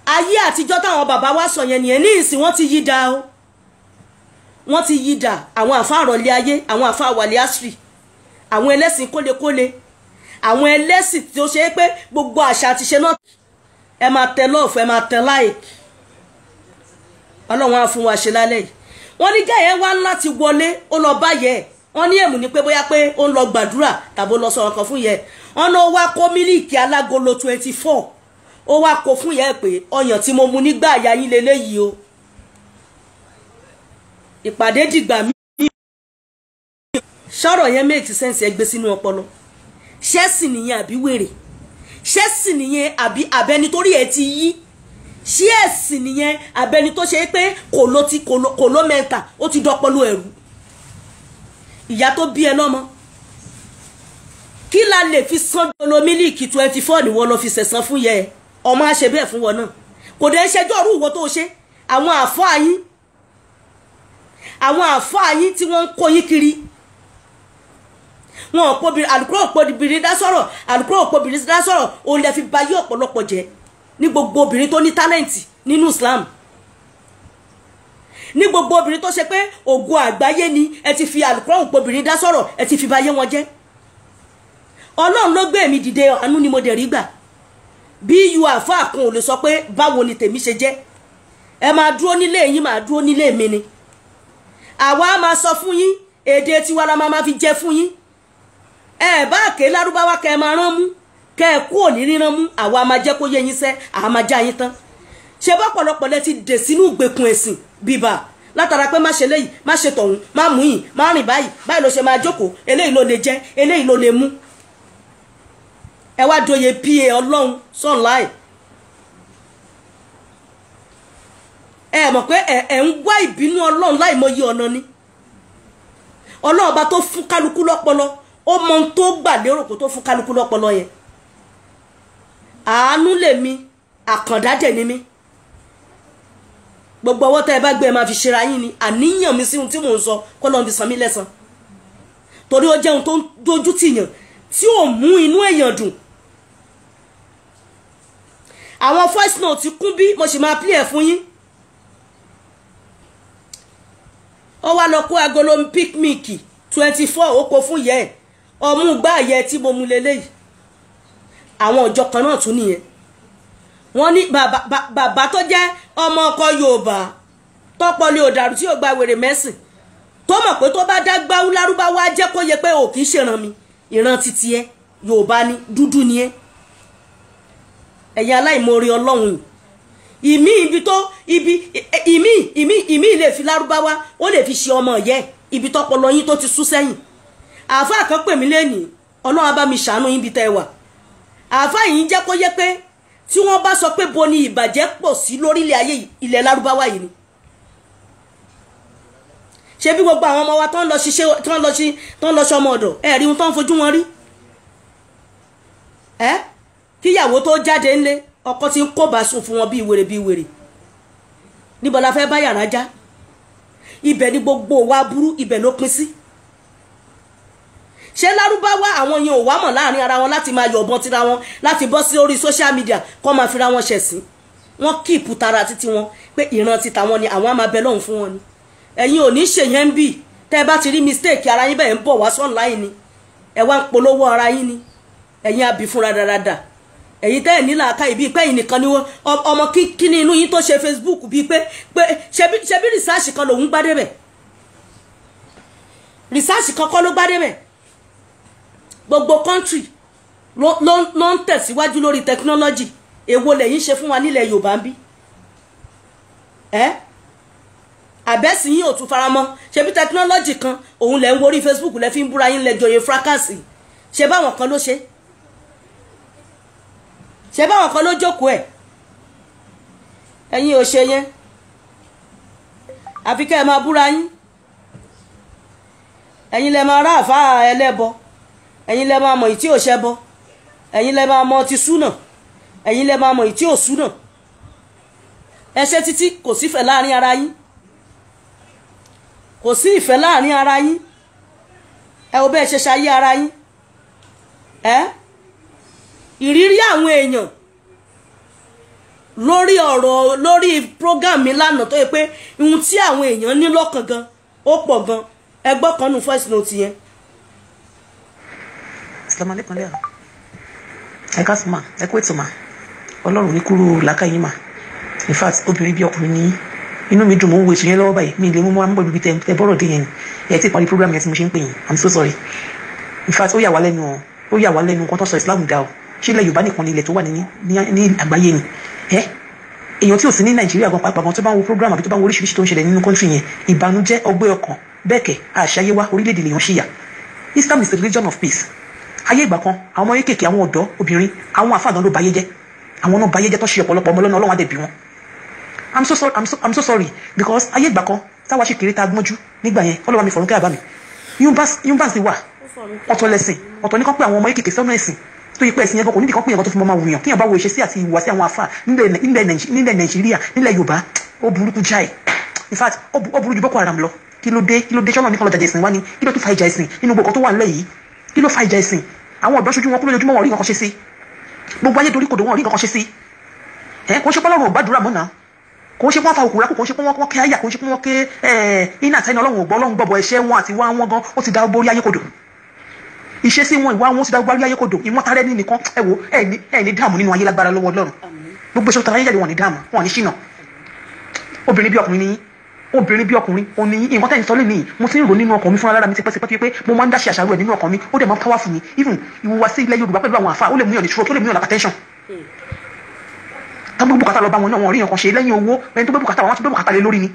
ayé àtijọ́ táwọn bàbá wa sọ yẹn nìyẹn ní ìsìn wọ́n ti yí o wọ́n ti yí da àwọn àfa àrọ̀lé ayé àwọn àfa àwàlé àṣírí àwọn ẹlẹ́sìn kólekóle àwọn ẹlẹ́sìn tí ó ṣe é pé gbogbo àṣà àti ṣe náà ẹ máa tẹ lọ́ọ̀fù ẹ máa tẹ láìkì ọlọ́run á fún wa ṣe lálẹ́ yìí wọ́n ní gẹ́yẹ́ wá láti wọlé ó lọ báyẹ̀ wọ́n ní èmù ni pé bóyá pé ó ń lọ gbàdúrà tàbí ó lọ sọ̀rọ̀ kan fún yẹ wọ́n náà kó mílíìkì alágolo twenty four ó wá kó fún ìyá ẹ̀ pé ọyàn tí mo mu nígbà àyà yín leléyìí o ìpàdé dìgbà míì sọ̀rọ̀ yẹn méjì sẹ́ǹsì ẹ gbé sínú ọpọlọ ṣẹ́sì nìyẹn àbí wèrè ṣẹ́sì nìyẹn àbí abẹ́ni torí ẹ ti yí ṣí ẹ̀sìn nìyẹn abẹni tó ṣe pé kò ló ti kò ló mẹ́ta ó ti dọ́pọ́lú ẹ̀rú ìyá tó bí ẹ lọ́mọ kí la lè fi san dolo mílíìkì twenty four ni wọ́n lọ fi ṣẹ̀san fún yẹ ẹ ọmọ á ṣe bẹ́ẹ̀ fún wọn náà kò dé ṣẹjọ́ ọ̀rú ìwọ tó ṣe àwọn àfáà yín àwọn àfáà yín tí wọ́n ń kó yín kiri wọn òpó alukoro òpó obìnrin dá sọ̀rọ̀ alukoro òpó obìnrin dá sọ̀rọ̀ òun lè fi ba yí ọ̀pọ̀lọpọ̀ jẹ́ ní gbogbo obìnrin tó ní tálẹ́ǹtì nínú Islam ní gbogbo obìnrin tó ṣe pé ògo àgbáyé ni ẹ ti fi alukoro òpó obìnrin dá sọ̀rọ̀ ẹ ti fi ba yé wọn jẹ́ Ọlọ́run ló gbé mi dìde àánú ni mo dẹ̀ rí gbà bí yu àfa kan ò lè sọ pé báwo ni tèmi ṣe jẹ́ ẹ máa dúró nílé yín máa dúró nílé mi ni àwa máa sọ fún yín èdè tiwa la máa fi jẹ fún yín ẹ bá ké lárúbáwá kẹ máa rán mú kẹ ẹ kú òní ríran mú àwa máa jẹ́ kó yé yín sẹ́ àá máa já yín tán ṣe bọ́pọ̀lọpọ̀ lẹ ti dè sínú ìgbèkùn ẹ̀sìn bíbà látara pé má ṣe léyìí má ṣe tọ̀hún má mú yìí má rìn báyìí báyìí ló ṣe máa jókòó eléyìí ló lè jẹ eléyìí ló lè mú ẹ wá doyè pa ọlọ́run sọ̀nláì ẹ mọ̀ pé ẹ ń wá ìbínú ọlọ́run láì mọyì ọ̀nà ni ọlọ́run ọba tó fún kálukú lọ́pọlọ ó mọ ohun tó gbà lérò kó tó fún kálukú lọ́pọlọ yẹn àánú lèmi àkàndá dẹ̀ ni mí gbogbo ọwọ́ tẹ́ ẹ bá gbé ẹ máa fi ṣera yín ni àníyàn mi sí ohun tí mò ń sọ kọ́ lọ́n fi san mí lẹ́san torí ó jẹ́ ohun tó ń dojú tìyàn tí ò mú inú èèyàn dùn àwọn voice note ti kún bí mo sì máa play ẹ̀ fún yín ó wá lọ kó agolo picnic twenty four ó kó fún yẹ ẹ ọmú gbá yẹ tí mo mu leléyìí àwọn ọjọ kan náà tún nìyẹn wọ́n ní bàbá tó jẹ́ ọmọ ọkọ Yorùbá tọpọlẹ òdàrú tí yóò gba wèrè mẹ́sìn tó mọ̀ pé tó bá dá gbáwú lárúbáwá jẹ́ kó yẹ pé ò kì í ṣèrànmi ìran titi ẹ Yorùbá ni dúdú ni ẹ ẹ̀yin aláìmoore ọlọ́run yìí ìmí ibi tó ibi ìmí ìmí ìmí lè fi lárúbáwá ó lè fi ṣe ọmọ yẹ ibi tọpọlọ yín tó ti sún sẹ́yìn àáfáà kan pè mí lẹ́nìí ọlọ́run bá mi ṣàánú yín bí tẹ́ wà àáfáà yìí jẹ́ kó yẹ pé tí wọ́n bá sọ pé bo ni ìbàjẹ́ pọ̀ sí lórílẹ̀ ayé ilẹ̀ lárúbáwá yìí ni ṣé bí gbogbo àwọn ọmọ wa tán lọ ṣiṣẹ́ tán lọ ṣe tán lọ ṣọmọ ọ̀dọ̀ ẹ̀ ohun tán fojú wọn rí ẹ́ kíyàwó tó jáde ńlé ọkọ ti ń kóbá sùn fún wọn bí wèrè bí wèrè níbo la fẹ́ bá yàrá já ibẹ̀ ni gbogbo wa burú ibẹ̀ ló pín sí ṣé lárúbáwá àwọn yẹn ò wá mọ̀ láàrin ara wọn láti máa yọ̀bọ̀n tira wọn láti bọ́ sí orí social media kọ́ máa fira wọn ṣẹ̀sín wọ́n kíìpù tara títí wọn pé ìran ti tàwọn ni àwọn á máa bẹ lọ́hùn fún wọn ni ẹ̀yin ò ní ṣèyẹn ń bì tẹ́ ẹ bá ti rí mistake ara yín bẹ́ẹ̀ ń bọ̀ wá sọ́ọ̀nù láì ni ẹ wá ń polówó ara yín ni ẹ̀yin àbí fúnra dáradára ẹ̀yin tẹ́ ẹ̀ nílà aka ìbí pé ẹ̀yin nìkan ni ọmọ kíní inú yín tó ṣe Facebook bíi pé pé ṣebí rìsáàṣì kan lòún gbá débẹ̀ rìsáàṣì kan kọ́ ló gbá débẹ̀ gbogbo country ló ń tẹ̀síwájú lórí technology èwo lẹ̀yin ṣe fún wa nílẹ̀ Yorùbá ń bí ẹ́ àbẹ́sì yín ò tún faramọ́ ṣebí technology kan òun lẹ̀ ń worí Facebook lẹ́ fi ń búra yín lẹ́jọ́ yẹn fracas ṣe báwọn kan ló ṣe é ṣe báwọn kan ló jókòó ẹ̀ ẹ̀yin ò ṣe yẹn àfi kẹ́ ẹ máa búra yín ẹ̀yin lẹ máa ráàfà ẹlẹ́bọ ẹ̀yin lẹ máa mọ̀ ìtí ò ṣẹbọ ẹ̀yin lẹ máa mọ̀ ti súnà ẹ̀yin lẹ máa mọ̀ ìtí ò súnà ẹ ṣe títí kò sífẹ̀ láàrin ara yín kò sí ìfẹ́ láàrin ara yín ẹ wo bẹ́ẹ̀ ṣe ṣayé ara yín Eh? ìrírí àwọn èèyàn lórí ọ̀rọ̀ lórí program mi lánàá tó yẹ pé ohun tí àwọn èèyàn ní lọ́kàn gan ó pọ̀ gan ẹgbọ́n kan nù first note yẹn. Assalamu alaikum lẹ́yìn ẹ ká sùn mà ẹ kó ètò mà ọlọ́run ní kúrò làákàyè mà in fact obìnrin bí ọkùnrin ní inú mi dùn mò ń wo ètò yẹn lọ́wọ́ báyìí mi lè mú mọ́ bíbi tẹ bọ́rọ̀ dé yẹn ni ẹ ti parí program yẹn tí mo ṣe ń pè yín I'm so sorry in fact ó yà wá lẹ́nu ó yà wá lẹ́nu kan tó sọ Islam dá o ṣé ilẹ̀ Yorùbá nìkan ni ilẹ̀ tó wà ní àgbáyé ni ẹ èèyàn tí ò sí ní Nàìjíríà gan pàápàá gan tó bá ń wo program àbí tó bá ń wo oríṣiríṣi tó ń ṣẹlẹ̀ nínú kọ́ńtì yẹn ìbànújẹ́ ọgbẹ́ ọkàn bẹ́ẹ̀ kẹ̀ àṣàyé wa orílẹ̀-èdè lèèyàn ṣìyà Islam is a religion of peace ayé ìgbà kan àwọn ọmọ kéékèèké àwọn ọ̀dọ́ obìnrin àwọn àfáàdán ló bayé àwọn náà bayé tó ṣe ọ̀pọ̀lọpọ̀ ọmọ lọ́nà Ọlọ́run àdẹ̀bí wọn I'm so sorry I'm so, I'm so sorry because ayé ìgbà kan táwa ṣe kéré tá gbọ́njú nígbà yẹn Ọlọ́run mi fọ̀rọ̀ kẹ́ àbá mi yunifásitì wà ọ̀tọ̀ lẹ́sìn ọ̀tọ̀ ní kan pé àwọn ọmọ kéékèèké sọ́nà ẹ̀sìn tó yí pé ẹ̀sìn yẹn gan kò nídìí kan pé ẹ̀kọ́ tó fi mọ́ máa wùyàn kíyàn bá wo ìṣesí àti ìwà sí àwọn afá nílẹ̀ nàìjíríà nílẹ̀ yorùbá ó burúkú jáì in fact ó burú ju boko haram lọ kí ló dé kí ló dé sọ́nà ní kọlọ́jà ìsìn wá ní kí ló tún fa ìjà ìsìn nínú gbogbo tó wà nílẹ̀ yìí kí ló fa ìjà ìsìn àwọn ọ̀dọ́ ṣojú wọn kúrò lójoojúmọ́ wọn rí nǹkan ṣe sí gbogbo ayé dorí kodò wọn fa òkúra kò ṣe pọ́n wọn kẹ́ kò ṣe pọ́n wọn kẹ́ iná àtẹ́ni ọlọ́run ọlọ́run gbọ́bọ̀ ẹ̀ṣẹ̀ wọn àti wọn àwọn gan ó ti da borí ayé kodò ìṣesí wọn ìwà wọn ti dágbárí ayé kò dùn ìmọ̀tara ẹni nìkan ẹ wo ẹ ní ẹ ní dààmú nínú ayé lágbára lọ́wọ́ ọlọ́run gbogbo ìṣòro tara ayé jáde wọn ní dààmú wọn ní ṣìnà obìnrin bí ọkùnrin ni obìnrin bí ọkùnrin òní nǹkan tẹ̀yìn sọ́lé nìyí mo ti ń rò nínú ọkàn mi fún alára mi tipẹ́tipẹ́ pé mo máa ń dáṣe àṣàrò ẹ̀ nínú ọkàn mi ó dẹ̀ máa ń powerful mi even ìwùwàsí ilẹ̀ yorùbá pẹ̀lú àwọn àfa ó lè mú yàn ní stroke ó lè mú yàn lápá tension tán bùkátà lọ bá wọn náà wọn rí nǹkan ṣe lẹ́yìn owó ẹni tó bẹ́ bùkátà wọn tó bẹ́ bùkátà lé lórí ni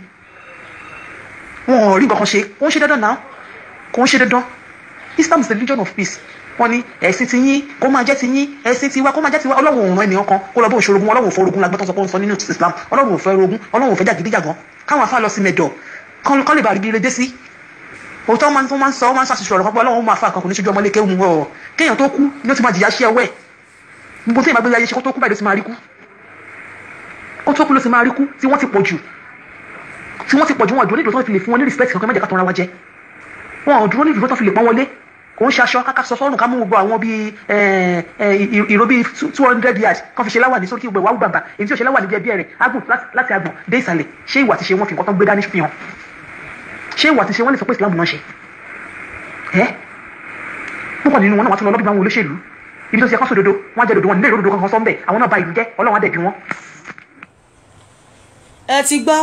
wọn rí nǹkan ṣe ó ń ṣe dandan náà kò ń ṣe dandan Islam is the religion of peace wọ́n ní ẹ̀sìn ti yín kó máa jẹ́ ti yín ẹ̀sìn ti wa kó máa jẹ́ ti wa ọlọ́run òun ẹnìyàn kan kó lọ bó ìṣòro ogun ọlọ́run òfò ogun lágbọ́tọ̀ sọpọ́ ń sọ nínú Islam ọlọ́run òfẹ́ ogun ọlọ́run òfẹ́ jàgídíjàgan káwọn afá lọ sí mẹ́dọ̀ kán lè bá rí ire dé sí òótọ́ máa ń tó máa ń sọ máa ń ṣàṣìṣe ọ̀rọ̀ pápá ọlọ́run máa fa àkàkùn níṣojú ọmọlé kéwù ọ̀ kéèyàn tó kú ni ó ti máa jìyà ṣe ẹwẹ́ gbogbo tí ìmọ̀ gbéra ṣe kó tó kú báyìí ló ti máa rí kú kó tó kú ló ti máa rí kú tí wọ́n ti pọ̀ jù tí wọ́n ti pọ̀ jù wọn àdúró nídòó tó fi lè fún wọn ní respect kankan mẹ́jẹ̀ ká tọ́ra wa jẹ wọn àdúró nídòó tó fi lè pọ́n wọlé kò ń ṣaṣọ káká sọ sọ́run ká mú gbogbo àwọn bíi ìró bíi two hundred yards kan fi ṣe láwà ní sókè ìgbẹ́ wàhù bàbà èyí tí ò ṣe láwà níbi ẹbí rẹ̀ agùn láti agùn dé ìsàlẹ̀ ṣé ìwà ti ṣe wọn fi nǹkan tó ń gbé dání fi hàn ṣé ìwà ti ṣe wọn lè sọ pé ìsìlámù náà ṣe ẹ púpọ̀ nínú wọn náà wọ́n tún lọ lọ́bí bá wọn olóṣèlú ibi tó ṣe kọ́sọ̀ dodo wọ́n jẹ́ dodo wọn nílé ìròdodo kankan sọ́ńbẹ̀ àwọn náà ba ìlú jẹ́ ọlọ́run á dẹ̀bi wọn. ẹ ti gbọ́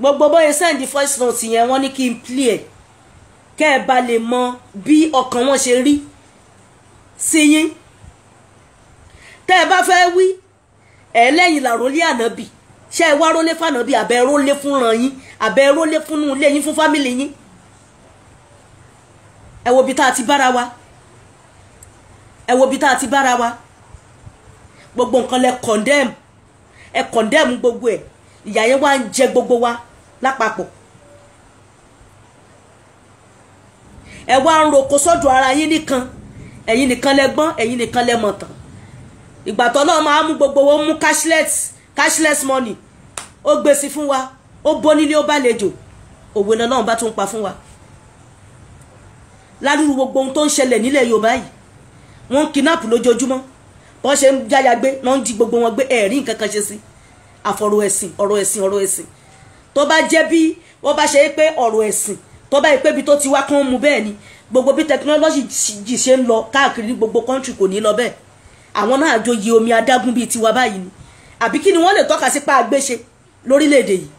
gbogbo bóyá send voice yẹn wọ́n ní kí n play kẹ́ ẹ bá lè mọ bí ọkàn wọn ṣe rí sí yín tẹ́ ẹ bá fẹ́ wí ẹ lẹ́yìn làrólé ànábì ṣé ẹ wá rólé fànábì àbẹ rólé fúnra yín àbẹ rólé fúnnú ilé yín fún fámìlì yín ẹ wo bí tá a ti bára wa ẹ wo bí tá a ti bára wa gbogbo nǹkan lẹ condemn ẹ condemn gbogbo ẹ ìyà yẹn wá ń jẹ gbogbo wa lápapọ̀. ẹ wá ń roko sọ́dọ̀ ara yín nìkan ẹ̀yin nìkan lẹ gbọ́n ẹ̀yin nìkan lẹ mọ̀tàn ìgbà tó náà máa mú gbogbo owó mú cashless cashless money ó gbé sí fún wa ó bó nílé ó bá lejò òwe náà náà bá tún pa fún wa ládùúgbò gbogbo ohun tó ń ṣẹlẹ̀ nílẹ̀ Yorùbá yìí wọ́n ń kidnap lójoojúmọ́ bọ́n ṣe ń jáya gbé náà ń di gbogbo wọn gbé ẹ̀rí nǹkan kan ṣe sí àfọ̀rọ̀ ẹ̀sìn ọ̀rọ̀ ẹ̀sìn ọ̀rọ̀ ẹ̀sìn tó bá jẹ́ bí wọ́n bá ṣe é pé ọ̀rọ̀ ẹ̀sìn tó bá yẹ pé ibi tó ti wá kán mu bẹ́ẹ̀ ni gbogbo bí tẹkinọ́lọ́jì jì ṣe ń lọ káàkiri gbogbo kọ́ńtì kò ní lọ bẹ́ẹ̀ àwọn náà àjòyè omi adágún bíi tiwa báyìí ni àbí kí ni wọ́n lè tọ́ka sí pa àgbéṣe lórílẹ̀‐èdè yìí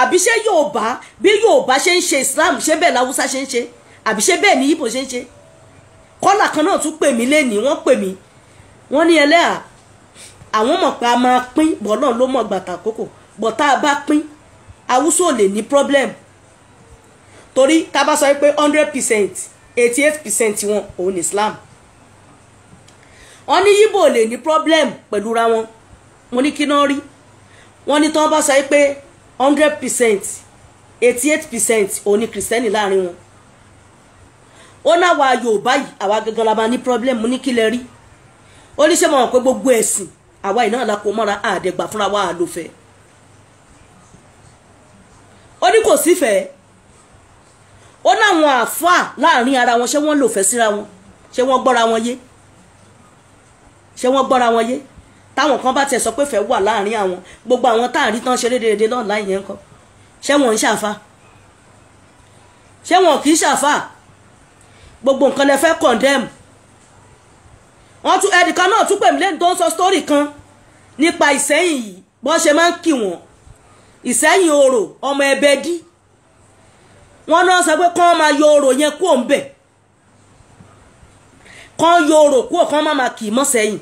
àbí ṣé Yorùbá bí Yorùbá ṣe Islam ṣé bẹ́ẹ̀ làwùsá ṣe ń ṣe àbí ṣé bẹ́ẹ̀ ni Ìbò ṣe ń ṣe kọ́là kan náà tún pè mí lẹ́nìí wọ́n pè mí wọ́n ní ẹlẹ́à àwọn mọ̀ pé a máa pín bọ́lọ́ ló mọ̀ gbàtà kókò bọ́tá a bá pín haúsá ò lè ní problem torí tá sọ pé hundred percent eighty eight percent wọn òun Islam wọ́n ní yíbò lè ní problem pẹ̀lú ra wọn mo ní kí náà rí wọ́n ní tí sọ pé hundred percent eighty eight percent òun ní kìrìsìtẹ́nì láàrin wọn ó náwa Yorùbá yìí àwa gangan la máa ní problem mo ní kí lẹ rí ó ní ṣé mo mọ̀ pé gbogbo ẹ̀sìn àwa ìnáà la kó mọ́ra àdẹ̀gbà fúnra wa àlòfẹ́ ó ní kò sífẹ̀ẹ́ ó láwọn àáfàá láàrin ara wọn ṣé wọ́n lò fẹ́ síra wọn ṣé wọ́n gbọ́ra wọn yé ṣé wọ́n gbọ́ra wọn yé táwọn kan bá tiẹ̀ sọ pé fẹ́ wà láàrin àwọn gbogbo àwọn táàrí tán ṣe rédèrèdè náà láì yẹn kọ́ ṣé wọ́n ń ṣàfà ṣé wọ́n kì í ṣàfà gbogbo nǹkan lẹ fẹ́ condemn wọ́n tún ẹnìkan náà tún pè mí lẹ́nu tó ń sọ story kan nípa Ìsẹ́yìn yìí bọ́n ṣe máa ń kì wọ́n ìsẹ́yìn orò ọmọ ẹbẹ́ dí wọ́n náà sọ pé kán máa yọ orò yẹn kúò ń bẹ̀ kán yọ orò kúò kán má máa kì í mọ́ sẹ́yìn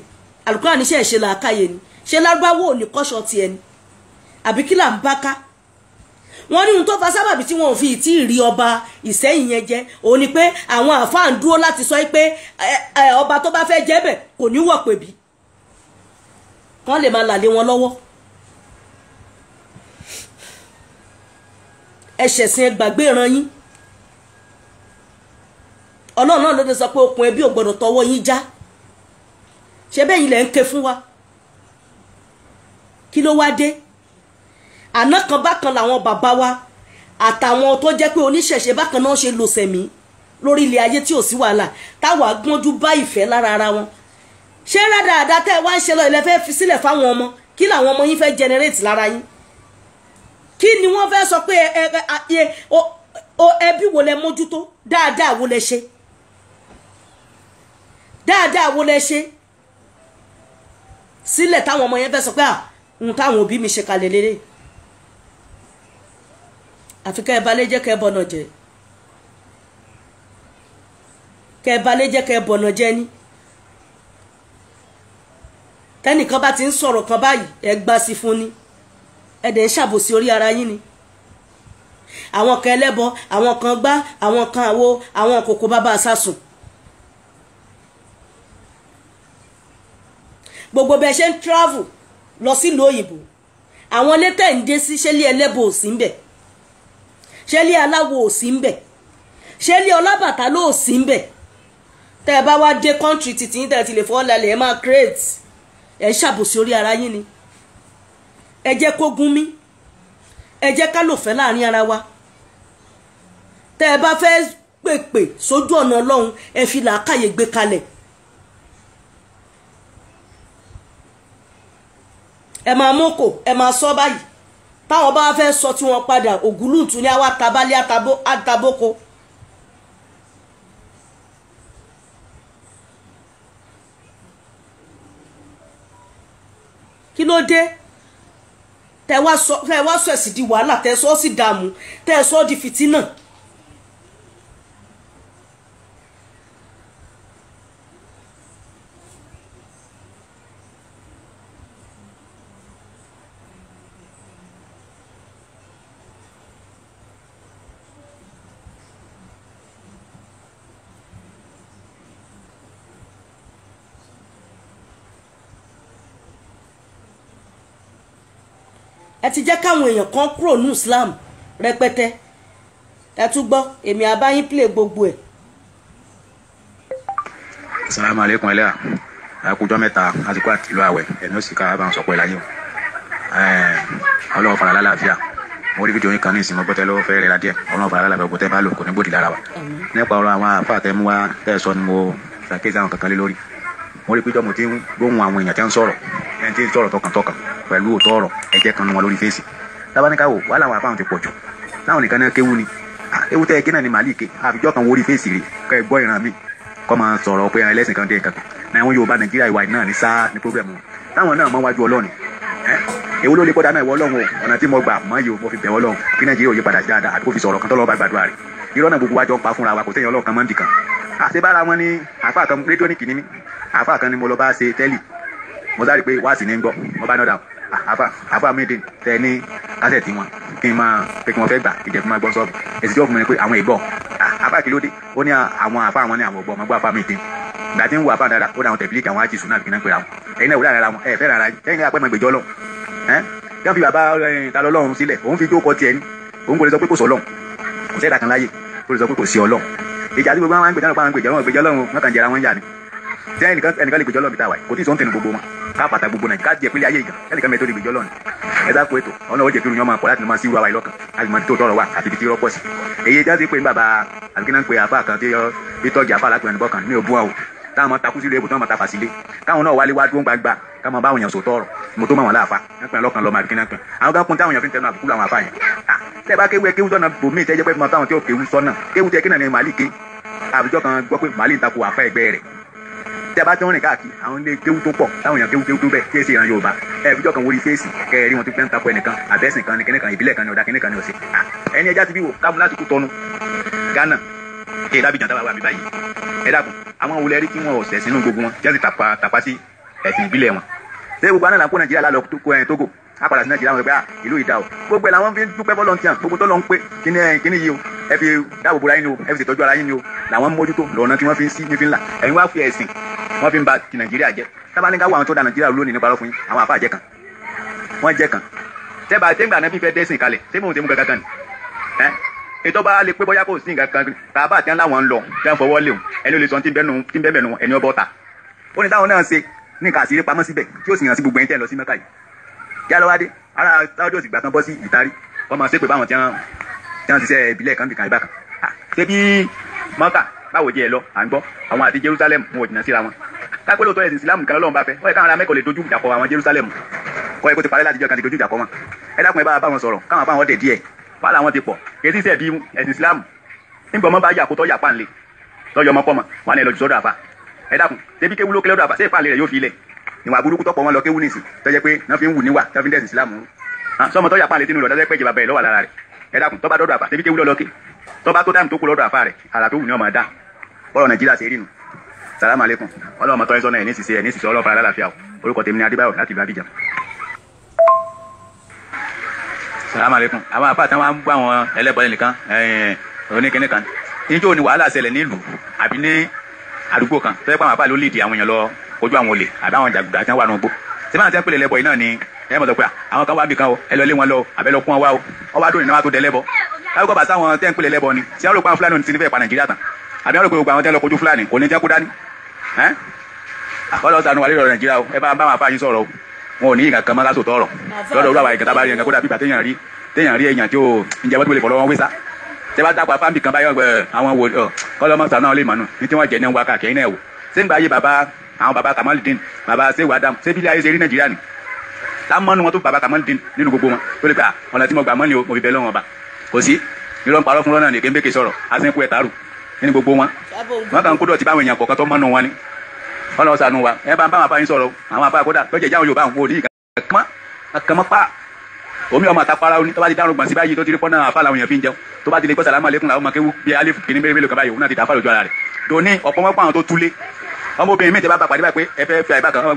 àlùkùránì níṣẹ́ ìṣe làákàyè ni ṣé lárúbáwò ò ní kọ́ṣọ́ ti ẹni àbí kí là ń bá ká wọ́n ní ohun tó fa sábàbí tí wọ́n ò fi ìtí rí ọba ìsẹ́yìn yẹn jẹ́ òun ni pé àwọn àfáà ń dúró láti sọ pé ọba tó bá fẹ́ jẹ́ bẹ̀ kò ní wọ̀ pèbí kán lè máa làlé wọn lọ́wọ́ ẹ ṣẹ̀sìn ẹ gbàgbé ìran yín ọlọ́run náà ló ti sọ pé okùn ẹbí ò gbọ́dọ̀ tọwọ́ yín já ṣe bẹ́ẹ̀ yín lẹ̀ ń ké fún wa kí ló wá dé àná kan bákan làwọn bàbá wa àtàwọn tó jẹ́ pé oníṣẹ̀ṣe bákan náà ṣe lò sẹ̀mí lórí ilẹ̀ ayé tí ò sí wàhálà táwa gbọ́njú bá ìfẹ́ lára ara wọn ṣé rádaràda tẹ́ ẹ wá ń ṣe lọ ilẹ̀ fẹ́ fi sílẹ̀ fáwọn ọmọ kí làwọn ọmọ yín fẹ́ generate lára yín kí ni wọ́n fẹ́ sọ pé ẹbí wo lẹ mójútó dáadáa wo lẹ ṣe dáadáa wo lẹ ṣe sílẹ̀ táwọn ọmọ yẹn fẹ́ sọ pé à ohun táwọn òbí mi ṣe kalẹ̀ lélẹ̀ àfi kẹ́ ẹ balẹ̀ jẹ́ kẹ́ ẹ bọ̀nà jẹ́ kẹ́ ẹ balẹ̀ jẹ́ ni tẹ́nìkan bá ti ń sọ̀rọ̀ kan báyìí ẹ gbá sí fún ni ẹ̀dẹ̀ ń ṣàbòsí orí ara yín ni àwọn kan ẹlẹ́bọ àwọn kan gbá àwọn kan àwo àwọn kòkó bàbá àsásùn gbogbo bẹ́ẹ̀ ṣe ń travel lọ sílùú òyìnbó àwọn létẹ̀ ń dé sí ṣẹ́lẹ̀ ẹlẹ́bọ ò sí ń bẹ̀ ṣẹ́lẹ̀ aláwo ò ń bẹ̀ ṣẹ́lẹ̀ ọlábàtà ló ò ń bẹ̀ tẹ́ ẹ bá wá dé kọ́ńtì tìtì ní tẹ́ ẹ ti lè fọ́ ọ́ lálẹ́ ẹ máa create ẹ ń ṣàbòsí orí ara yín ni ẹ jẹ́ kó gún mí ẹ jẹ́ ká lò fẹ́ láàrin ara wa tẹ́ ẹ bá fẹ́ pèpè sójú ọ̀nà ọlọ́run ẹ fi làákàyè gbé kalẹ̀ ẹ máa mọ́kò ẹ máa sọ báyìí táwọn bá fẹ́ sọ tí wọ́n padà ògúlùtù ní àwa tabalẹ̀ àtàbókò. kí ló dé tẹ wá sọ ẹ sì di wàhálà tẹ sọ ọ sì dààmú tẹ sọ ọ di fìtínà ti jẹ́ káwọn èèyàn kan kúrò ní Islam rẹpẹtẹ tẹ́túgbọ́ èmi àbáyín play gbogbo ẹ̀. assalamu alaikum ẹlẹ́yà àkójọ mẹ́ta àsìkò àtìlú àwẹ̀ ẹ̀mí òsì ká bá ń sọ̀pọ̀ ìlànà ọlọ́run fara lálàáfíà mo rí fídíò yín kan ní ìsinmi bọ́tẹ́ lọ́wọ́ fẹ́ẹ́ rẹ́ra díẹ̀ ọlọ́run fara lálàáfíà kò tẹ́ bá lò kò ní gbòdì lára wa nípa ọ̀rọ̀ àwọn àfa àtẹmú wa tẹ́ sọ ni mo ṣàkíyèsí àwọn kankan lé lórí mo rí píjọ́ mo ti ń gbóhùn àwọn èèyàn tẹ́ ń sọ̀rọ̀ ẹni tí ń sọ̀rọ̀ tọkàntọkàn pẹ̀lú òótọ́ ọ̀rọ̀ ẹ̀jẹ̀ kan nu wọn lórí fèsì tábáníkàwò wàhálà àwọn àfáwọn ti pọ̀ jù láwọn nìkan náà kéwu ni ewu tẹ́ ẹ kéna ni màlíkè àfijọ́ kan wórí fèsì rè kẹ́ ẹ gbọ́ ìran mi kọ́ máa sọ̀rọ̀ pé ẹlẹ́sìn kan dé nǹkan kan àwọn Yorùbá Nàìjíríà ìwà náà ní sáà ní problem wọn táwọn náà mọ wájú Ọlọ́run èwo ló lè kọ́dá náà ìwọ Ọlọ́run o ọ̀nà tí mo o mo kan rédíò ní kìnínní àfa kan ni mo lọ bá ṣe tẹ́lì mo sáré pé wáàsí ní ń gbọ́ mo bá nọ́dà àfà àfà mídìn tẹ ní kásẹ̀tì wọn kí n máa pé kí wọ́n fẹ́ gbà ìjẹ́ fún máa gbọ́ sọ́ọ̀bù èsì tí ó fún mi ni pé àwọn ìgbọ́ àfà kí ló dé ó ní àwọn àfà àwọn ní àwọn ọgbọ́n ọmọ gbọ́ àfà mídìn ìgbà tí ń wo àfà dáadáa ó ní àwọn tẹ̀bílíkì àwọn àjì sùnà kìnnà pé àwọn ẹ̀yin náà wúlò ara wọn ẹ̀ fẹ́ rárá ẹ̀yin náà pẹ́ẹ́mọ̀ ìgbẹ́jọ́ lọ ẹ́ yọ́n fi bàbá talọ́ lọ́run sílẹ̀ òun fi jókòó tiẹ̀ ní òun kò lè sọ pé kò sọ lọ́run kò sẹ́ẹ̀dá kan láyè kò lè sọ pé kò sí ọlọ́run ìjà tí gbogbo àwọn àgbẹ̀jọ́ lọ́run àgbẹ̀jọ́ lọ́run wọn kàn jẹra wọn yà ni tẹ́ ẹnìkan lè gbẹ̀jọ́ lọ́run bí táwa kò tí ì sọ́ńtẹ̀nu gbogbo wọn ká pàtàkì gbogbo nàìjíríà ká jẹ pínlẹ̀ ayé ìgàn ẹnìkan mẹ́tò lè gbèjọ́ lọ́nà ẹ sá kó ètò ọ̀nà òjè kírun yẹn máa pọ̀ láti máa sí irú àwa ìlọ́kàn láti máa tó tọrọ wa àti ibi tí rọ́pọ̀ sí. èyí já sí pé ń bàbá àbíkí náà ń pe àfa kan tí ìtọ́jú àfa alákùnrin bọ̀ kan ní òbú àwọn táwọn máa takú sílé ibùdó máa ta fàsílé káwọn náà wálé wá dúró gbangba káwọn bá àwọn èèyàn sòtọ́ ọ̀rọ̀ mo tó mọ̀ wọn láàfa nípa ẹlọ́kan lọ́mọ àbíkí náà pẹ̀ àwọn gákun táwọn èèyàn fi ń tẹnu àbùkù làwọn àfa yẹn tẹ́ bá kéwu ẹ kéwu sọ́nà bòmíì tẹ́ jẹ́ pé mo táwọn tí ò kéwu sọ́nà kéwu tẹ́ kí nàní màálì ké àbíjọ́ kan gbọ́ pé màálì ń takò àfa ẹgbẹ́ rẹ̀ tẹ́ bá ti ń rìn káàkiri àwọn ilé kéwú tó pọ̀ táwọn èèyàn kéwú kéwú tó bẹ́ẹ̀ tí ìran Yorùbá ẹ̀ẹ́dìjọ́ kan wọlé fèsì kẹ́ẹ̀rí wọn tó fẹ́ ń takò ẹnìkan àbẹ́sìn kan ní kíníkan ìbílẹ̀ kan ní ọ̀dà kíníkan ní ọ̀sẹ̀ ẹni ẹja ti bí wò káàmù láti kú tọnu Ghana kí ẹ̀dá bìjàn tábàwà mi báyìí ẹ dákun àwọn wọlé rí kí wọn ọ̀sẹ̀ sínú gbogbo wọn jẹ́ ti tàpá sí ẹ̀sìn ìbílẹ̀ wọn wọ́n fi ń ba ti nàìjíríà jẹ́ tábàlẹ́ńgá wà àwọn tó da nàìjíríà lónìí nípa lọ́fun yín àwọn àfa àjẹkàn wọ́n jẹ́ kàn tẹ́gbà tẹ́gbà náà fífẹ́ dẹ́sìn kalẹ̀ tẹ́gbà tẹ́gbà kankan ni ẹ́ ètò bá lè pé bóyá kò sí nǹkan kan tàbá àti ńláwọn ń lọ tí wọ́n fọwọ́ léwu ẹni olè sọ ti bẹ́nu ti bẹ́ẹ̀ bẹ́nu ẹni ọbọ̀ ta ó ní táwọn náà ṣe ní nǹkan àṣírí pamọ́ síbẹ̀ tí ó sì hàn sí gbogbo ẹni tẹ́ lọ sí mẹ́ka yìí kí alọ́wádé ara táwọn òsì gbà kan bọ́ sí ìtarí wọ́n máa ṣe pé báwọn tí wọ́n ti ṣe ìbílẹ̀ kan bìkan ìbá kan ṣé bí mọ́kà báwo jẹ́ ẹ lọ à ń gbọ́ àwọn àti Jerusalem wọn jìnnà síra wọn kápẹ́ lóòótọ́ ẹ̀sìn islam nìkan lọ́wọ́n bá fẹ́ ó yẹ káwọn ará mẹ́kọ̀ọ́ lè dojú ìjà kọ àwọn jerusalem ó yẹ kó ti parẹ́ láti jọ kan ti dojú ìjà kọ wọn ẹ dákun ẹ bá bá wọn sọ̀rọ̀ káwọn bá wọn dẹ̀ díẹ̀ wàhálà wọn ti pọ̀ kèsì sẹ̀ bí ẹ̀sìn islam nígbà ọmọ bá yà kó tọ́ yà pàǹlẹ̀ lọ́yọ̀ ọmọ pọ̀ mọ̀ wọn lè lọ jù sọ́dọ̀ àfa ẹ dákun débi kéwu ló kẹlẹ́ ọ̀dọ̀ àfa sí ìpàǹlẹ̀ rẹ̀ yóò fi ilẹ̀ ìwà burúkú tọ́pọ̀ wọn lọ kéwu nìsín tó jẹ́ pé wọ́n fi ń wù níwà tó fi ń dẹ̀sìn islam ah, sọmọ tó yà pàǹlẹ̀ tínú rẹ̀ tó jẹ́ pé ìjìbàbẹ̀ lọ́wọ́ lára rẹ̀ ẹ dákun tọ́ba dọ́dọ̀ àfa débi kéwu lọ́lọ́kẹ́ tọ́ba tó dáhùn tó kú lọ́dọ̀ nàìjíríà ṣe rí nu salamu aleykum ọlọ́run mọ̀tọ́ ẹ̀sọ́ náà ẹ̀ ní sísè ẹ̀ ní sísè ọlọ́ọ̀fà alálàáfíà o orúkọ tèmi ni adébáyọ̀ láti ìlú abidjan. salamu aleykum àwọn apá àtàwọn ń gbọ́ àwọn ẹlẹ́bọ̀lẹ̀ nìkan oníkẹ́ni kan níjó ni wàhálà ṣẹlẹ̀ nílùú àbí ní àdúgbò kan tẹ́lẹ̀ pé àwọn apá ló lìdí àwọn èèyàn lọ ojú àwọn olè àbí àwọn jàgùdà tí wọ́n wà nù gbó sẹ́fà àti ẹ̀pẹ̀lẹ̀ lẹ́bọ̀ yìí náà ni ẹ̀ mọ̀ sọ pé àwọn kan wá bì kan o ẹ lọ lé wọn lọ àbẹ́ lọ kún wọn wá o ọwọ́ adó ìnáwó tó dẹ lẹ́bọ̀ káwé kọ́ bàtà àwọn tẹ́ ń pèlè lẹ́bọ̀ ni sí àwọn olùkọ́ àwọn fúlàní ti ní fẹ́ẹ̀ pa nàìjíríà tán àbí àwọn olùkọ́ àwọn tẹ́ ń lọ kojú fúlàní kò ní jẹ́ kó dání àkọlọ sanu wà lórí nàìjíríà o ẹ bá bá wọn àfa yín sọ̀rọ̀ o wọn ò ní ìgbà kan mọ́ká sòtọ́ ọ̀rọ̀ lọ́dọ̀ olú àwọn ìkẹta bá rí ẹ̀ka kó dà bí ìgbà téèyàn rí téèyàn rí èèyàn tí ó ń jẹ́ wọ́n lè fọlọ́wọ́n wé sá tẹ́ bá dàpọ̀ fáǹbì kan báyọ̀ ẹ̀ àwọn wò ọ kọ́lọ́ mọ́sá náà lè mọ̀nù ní tí wọ́n jẹ́ ní wákà kẹ́yìn náà wò sẹ́ńgbà ayé bàbá àwọn bàbá kamaludin bàbá sẹ́wà dam sẹ́bílẹ̀ ayé ṣe rí nàìjíríà tá mọ́nu wọn tó bàbá kamaludin nínú gbogbo wọn tó lè gbà ọ̀nà tí mo o mo fi bẹ́ẹ̀ lọ́wọ́n ọba kò sí irọ́ ń parọ́ fún lọ́nà nìkan bẹ́ẹ̀ kì í ní gbogbo wọn wọn kàn ń kó dọ̀tí báwọn èèyàn kọ̀ọ̀kan tó mọ́nu wọn ni wọn lọ sànù wa ẹ bá ń bá àwọn afáyín sọ̀rọ̀ àwọn afáyín kódà lọ́jọ́ ìjà àwọn Yorùbá àwọn òní kàkàmọ́ pa omi ọmọ àtàkpara oní tọ́ba ti dárò gbọ̀nsí báyìí tó ti rí pọ́nà àfa làwọn èèyàn fi ń jẹun tọ́ba ti lè gbọ́ sàlámù alẹ́kùn làwọn makewu bíi alif kìíní bẹ́ẹ̀ mélòó kaba yòówù náà ti dàáfà lójú ara rẹ̀ dòní ọ̀pọ̀mọ́pọ̀ àwọn tó túlé ọmọbìnrin mi tẹ bá ba pàdé báyìí pé ẹ fẹ́ fi àyíká kan ọmọ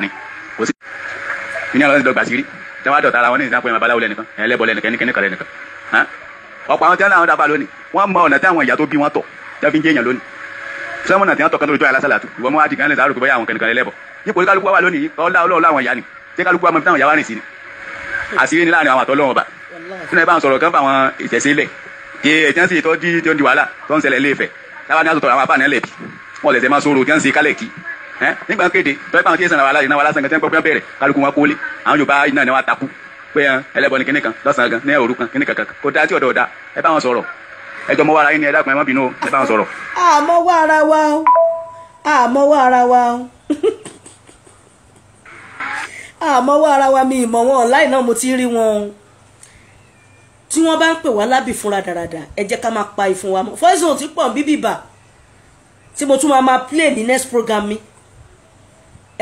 ni kò sí ìní àlọ́ tí wọ́n á dọ̀tà ara wọn ní ìsìnkú ẹ̀ babaláwo lẹ́nìkan ẹ̀ lẹ́bọ̀ lẹ́nìkan ẹnikẹ́ni kan lẹ́nìkan ọ̀pọ̀ àwọn tí wọ́n láwọn dábàá lónìí wọ́n mọ ọ̀nà tí àwọn ìyá tó bí wọn tọ̀ jáfi ń jẹ́ èèyàn lónìí sẹ́wọ́n náà tí wọ́n tọ̀ kẹ́tọ́ lójú àlásàlátù ìwọ mọ́ àdìgán lè dárò pé báyà àwọn kẹ̀nìkan lẹ́lẹ́bọ̀ yípo kálukú wa lónìí ọ̀la àwọn ìyá ni tí ni àṣírí ni láàrin àwọn àtọ́lọ́wọ̀n ọba sínú ìbáwọn sọ̀rọ̀ kan fáwọn ìtẹ̀sí ilẹ̀ kí ẹ̀tí sì tó di tó di wàhálà tó ń ṣẹlẹ̀ ilé nígbà kéde tọ́jú báwọn tí yéé sàn náà náà wà lásán kan tí wọ́n bẹ̀rẹ̀ kálukú wọn kólé àwọn yorùbá náà ni wọ́n takú pé ẹlẹ́bọ ni kíní kan lọ́sàn-án gan ní òru kan kíní kankan kò dá tí ọ̀dọ̀ ọ̀dá ẹ bá wọn sọ̀rọ̀ ẹjọ́ mọ́wọ́ ara yín ni ẹ dákun ẹ má bínú ẹ bá wọn sọ̀rọ̀. àmọ́wọ́ ara wa o àmọ́wọ́ ara wa o àmọ́wọ́ ara wa mi ìmọ̀ wọn ọ̀láì náà mo ti rí wọn o tí wọ́n bá ń pè wá lábì fúnra dáradára ẹ jẹ́ ká máa pa ìfún wa mọ́ fọ́ìsàn ò ti pọ̀ bíbí bà tí mo tún máa máa play ní next program mi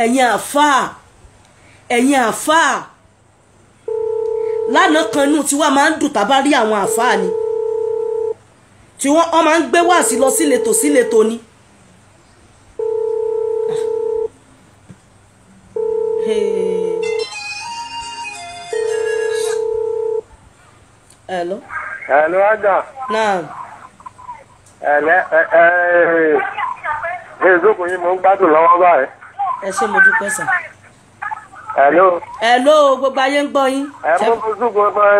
ẹ̀yin àfáà ẹ̀yin àfáà lánàá kan inú tiwa máa ń dùn tá a bá rí àwọn àfáà ni tí wọ́n máa ń gbé wáàsí lọ síletò síletò ni. Hello. Hello, Ada. Naam. Ẹ̀lẹ́ ẹ̀ẹ́ ẹ̀ẹ́ ìjókòó yìí mo ń gbádùn lọ́wọ́ báyìí ẹ ṣe mo dúpẹ́ sà. hello. hello gbogbo ayé ń gbọ́ yín. ẹ mú fojú gbogbo ọ̀rọ̀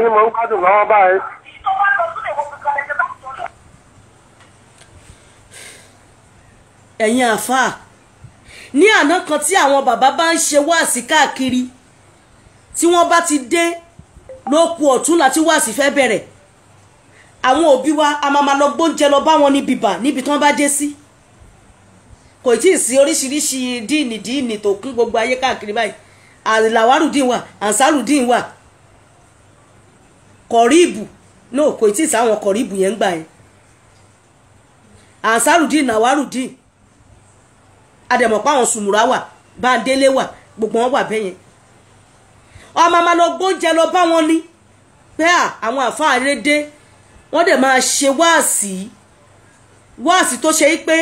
yín mo ń gbádùn lọ́wọ́ báyìí. ẹ̀yin àfáà ní àná kan tí àwọn bàbá bá ń ṣe wáàsí káàkiri tí wọ́n bá ti dé ló ku ọ̀tún láti wáàsí fẹ́ bẹ̀rẹ̀ àwọn òbí wa a gbóúnjẹ lọ bá wọn ní bìbà níbi tí wọ́n bá dé sí. Si kò tí ì sí oríṣiríṣi díìnì díìnì tó kún gbogbo ayé káàkiri báyìí àlàwárùdín wà ànsárùdín wà kọ̀ríìbù náà kò tí ì sáwọn kọ̀ríìbù yẹn ń gbà yẹn ànsárùdín nàwárùdín àdẹ̀mọ̀pá àwọn sùmùrà wà báńdélé wà gbogbo wọn wà bẹ́yẹn ọmọ máa lọ gbóúnjẹ lọ bá wọn ní bẹ́ẹ̀ àwọn àfáà rédé wọ́n dẹ̀ máa ṣe wáàsí wáàsí tó ṣe é pé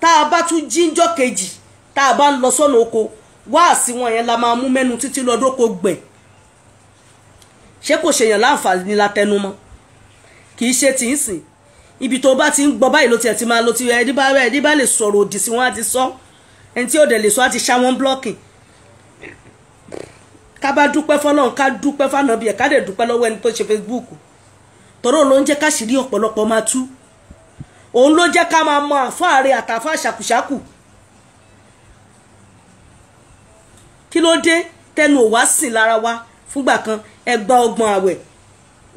tá a bá tún jíjọ́ kejì tá a bá ń lọ sọ́nà oko wáàsí wọn yẹn la máa mú mẹ́nu títí lọ́dún kò gbẹ̀ ṣé kò ṣèyàn láǹfààní la tẹnu mọ́ kì í ṣe tìǹ sìn ibi tó bá ti ń gbọ́ báyìí ló tiẹ̀ ti máa lo ti ẹni bá rẹ̀ ẹni bá lè sọ̀rọ̀ òdì sí wọn á ti sọ ẹni tí ò dẹ̀ lè sọ á ṣá wọn blọ́ọ̀kì ká bá dúpẹ́ fọlọ́run ká dúpẹ́ fànàbíyẹ ká dẹ̀ dúpẹ́ lọ́wọ́ ẹni tó ṣe Facebook tọ́rọ̀ ló ń jẹ́ káṣírí ọ̀pọ̀lọpọ̀ máa tú òun ló jẹ́ ká máa mọ àfáàrẹ àtàfà ṣàkùṣàkù kí ló dé tẹnu ò sìn lára wa fúngbà kan ẹgbà ọgbọ̀n àwẹ̀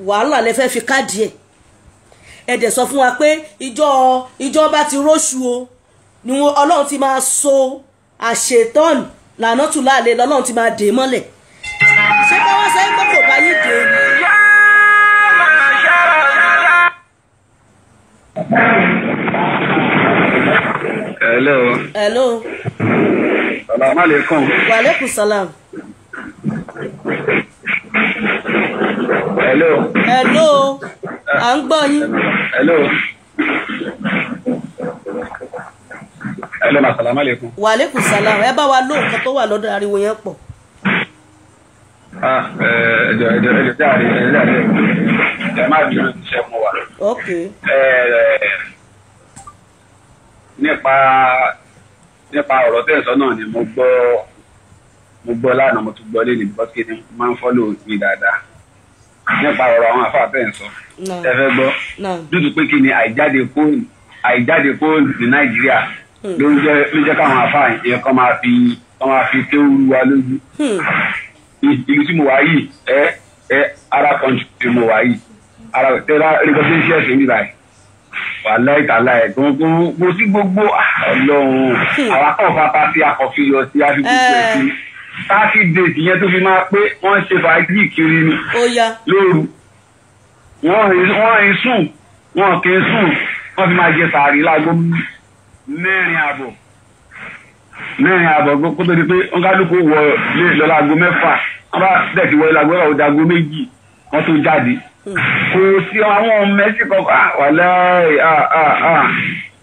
wàhálà lẹ fẹ́ fi káàdì ẹ̀ ẹ dẹ̀ sọ fún wa pé ìjọ ìjọba ti róṣù o ni ọlọ́run ti máa so àṣetọ́nù lànà tún láàlẹ́ lọ́lọ́run ti máa dè mọ́lẹ̀ ṣé bá wá sẹ́yìn pé kò bá yí dè é hello. hello. salaam aleykum. wa aleykum salaam. hello. hello. à ń gbọ́ yín. hello. hello ma salaam aleykum. wa aleykum salaam ẹ bá wa ló nǹkan tó wà lọ́dọ̀ ariwo yẹn pọ̀. ah ẹ ẹ jọ ẹ jọ ẹ jọ jáde ẹ jáde ẹ má bínú ṣe mú wa. ok. ẹ ẹ nípa nípa ọ̀rọ̀ tẹ̀sán náà ni mo gbọ́ mo gbọ́ lánàá mo tún gbọ́ lé ní bọ́sìkì ni máa ń fọ́lò mi dáadáa nípa ọ̀rọ̀ àwọn àfa àtẹ̀sán ẹ fẹ́ gbọ́ dúdú pé kí ni àìjáde fóònù àìjáde fóònù ní nàìjíríà hmm. ló ń jẹ́ ló jẹ́ káwọn àfa yẹn kọ́ máa fi kọ́ máa fi kéwú wa lójú ìlú hmm. tí mo wà yìí ẹ ẹ ara kọ́ńtì tí mo wà yìí ara tẹ́lá rẹ́gọ́sẹ́ńṣẹ́ ṣe ń bíbáyìí wàláì tàlà ẹ̀ gbogbo sí gbogbo ah, ọlọ́run hmm. àwọn akọ̀ọ̀fà pàṣẹ akọ̀fin lọ sí àfikún pẹ̀lú táàfì déètì yẹn tó fi máa pé wọ́n ṣe fàájì kiri ni lóru wọ́n ń sùn wọ́n kì í sùn wọ́n fi máa jẹ sàárì láago mẹ́rin àbọ̀ mẹ́rin àbọ̀ kó tó di pé wọ́n kálukú wọ lé lọ láago mẹ́fà wọ́n bá dẹ̀ ti wọlé láago mẹ́fà ó dago méjì wọ́n tó jáde kò sí àwọn mẹ́sì kankan ah, wàlẹ́ ah, ah,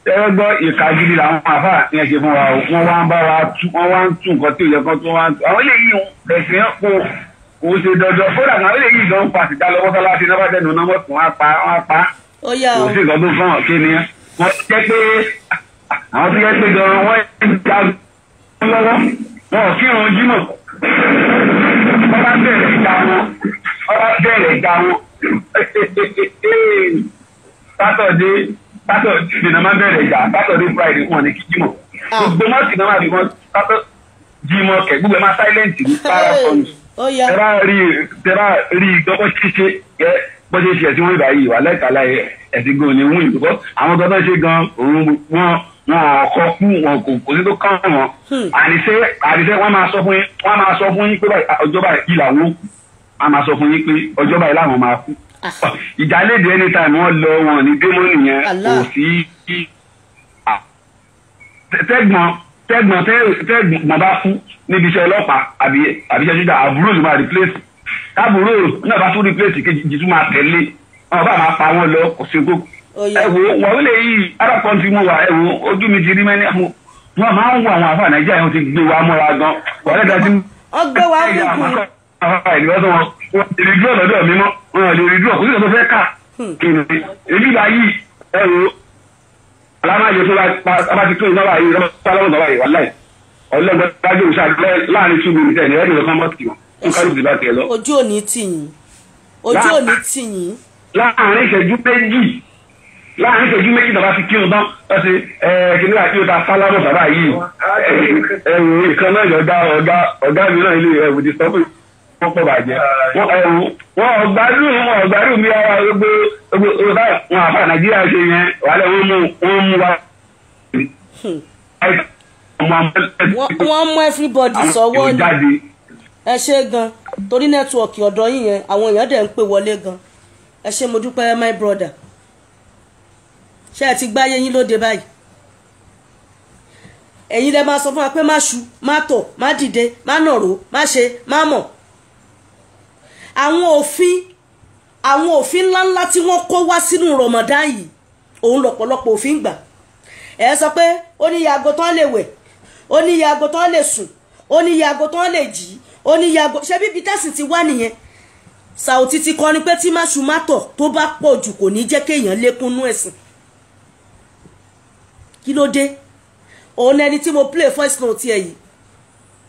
tẹ́lẹ̀ gbọ́ ìka gidi làwọn afa yẹn ṣe fún wa o wọ́n wá ń bá wa tú wọ́n wá ń tú nǹkan tí ò yẹ kán tún wá ń tú àwọn eléyìí ẹ̀sìn kò kò ṣe dandan kódà àwọn eléyìí gan ń pa àtìdá lọ mọ́sálásí náà bá tẹnu náà wọ́n tún wá pa wọ́n pa kò sí nǹkan tó fún ọ̀kí ni wọ́n jẹ́ pé àwọn tó yẹ pé gan wọ́n ń ja lọ́wọ́ wọn ò kírun jímọ̀ wọ́n bá bẹ̀rẹ̀ ìjà wọn wọ́n bá bẹ̀rẹ̀ ìjà wọn sátọ̀dé sátọ̀dé ìdènà bẹ̀rẹ̀ ìjà sátọ̀dé friday wọn ni kí ah. gbogbo má náà àbí wọn sátọ̀ jímọ̀ kẹ̀ gbogbo ẹ̀ máa sáílẹ̀ǹtì ní para fọ́ọ̀nù tẹ́lá rí tẹ́lá rí gbọ́kọ́ ṣíṣe yẹ bó ṣe ṣe tí wọ́n yìí wà lẹ́kàlá ẹ̀sìn gan ni wọ́n ìdúkọ́ àwọn gan ṣe gan òun wọn wọn ọkọ kú wọn kò kò ní tó kán wọn hmm. àníṣe àníṣe wọn máa sọ fún yín wọn máa sọ fún yín pé ọjọ́ báyìí làwọn kù a máa sọ fún yín pé ọjọ́ báyìí làwọn máa kú ah. ìjálèdè anytime wọ́n lọ wọn ní démọ́nì yẹn kò sí tẹ́gbọ̀n tẹ́gbọ̀n tẹ́gbọ̀n bá kú níbi iṣẹ́ ọlọ́pàá àbí àbíṣẹ́ ṣúgà àbúrò ló máa replace táàbúrò náà bá tún replace kejì tún máa tẹ̀lé wọn bá máa pa wọn lọ kò sí gbogbo ẹ wo wọn lè yí arab country mu wa ẹ wo ojú mi ti rí mẹ́ni wọn máa ń wo àwọn àfa nàìjíríà yẹn ti gbé wa mọ́ra gan wọ́n lẹ́dàá fi kù. Ah, ìlúwàsàn wọn wọn lè rí dúró lọ́dọ̀ mi mọ́ wọn lè rí dúró kò sí ìtọ́ fẹ́ kà hmm. kìnìún èmi là yìí ẹ wo alámáyé tó bá ti tó iná báyìí rọ́bà tó lọ́wọ́ náà báyìí wà láì ọlọ́gbọ́n dájú òṣà láàrin two minutes ẹ̀ ní ẹ̀dùn lọ́kàn mọ́tì wọn kó kárò ti bá tiẹ̀ lọ. ojú ò ní tì yín ojú ò ní tì yín. láàrin ìṣẹ́jú méjì láàrin ìṣẹ́jú méjì bàbá ti kírun tán wọ́n ti kìnní àti ọ̀tá sálámù bàbá yìí ẹ̀rù ìkan náà ọ̀gá mi náà ilé ẹ̀rù ti sọ fún mi wọ́n pọ̀ bàjẹ́ wọ́n ọ̀gbádùn wọn ọ̀gbádùn bí ara gbogbo gbogbo wọn àfa nàìjíríà ṣe yẹn wàhálẹ̀ wọ́n mú wọ́n mú wa. Hmm. wọ́n mú everybody sọ́wọ́ ni ẹ ṣe gan torí nẹ́tíwọ̀kì ọ̀dọ́ yìí yẹn àwọn èèyàn dẹ̀ ń pè wọlé gan ẹ ṣe mo dúpẹ́ my brother ṣé ẹ ti gbáyé yín lóde báyìí ẹ̀yin lẹ máa sọ fún wa pé má ṣu má tọ̀ má dìde má nàró má ṣe má mọ̀ àwọn òfin àwọn òfin ńláńlá tí wọ́n kó wá sínú Ramadan yìí òun lọ́pọ̀lọpọ̀ òfin gbà ẹ sọ pé ó ní iye aago tán lè wẹ̀ ó ní iye aago tán lè sùn ó ní iye aago tán lè jí ó ní iye ṣé bíbi tẹ́sìn ti wá nìyẹn Saoty ti kọrin pé tí máṣúmátọ̀ tó bá pọ̀ jù kò ní jẹ́ kéèyàn lékúnnú ẹ̀sìn kí ló dé òun ẹni tí mo play voice note ẹ̀ yìí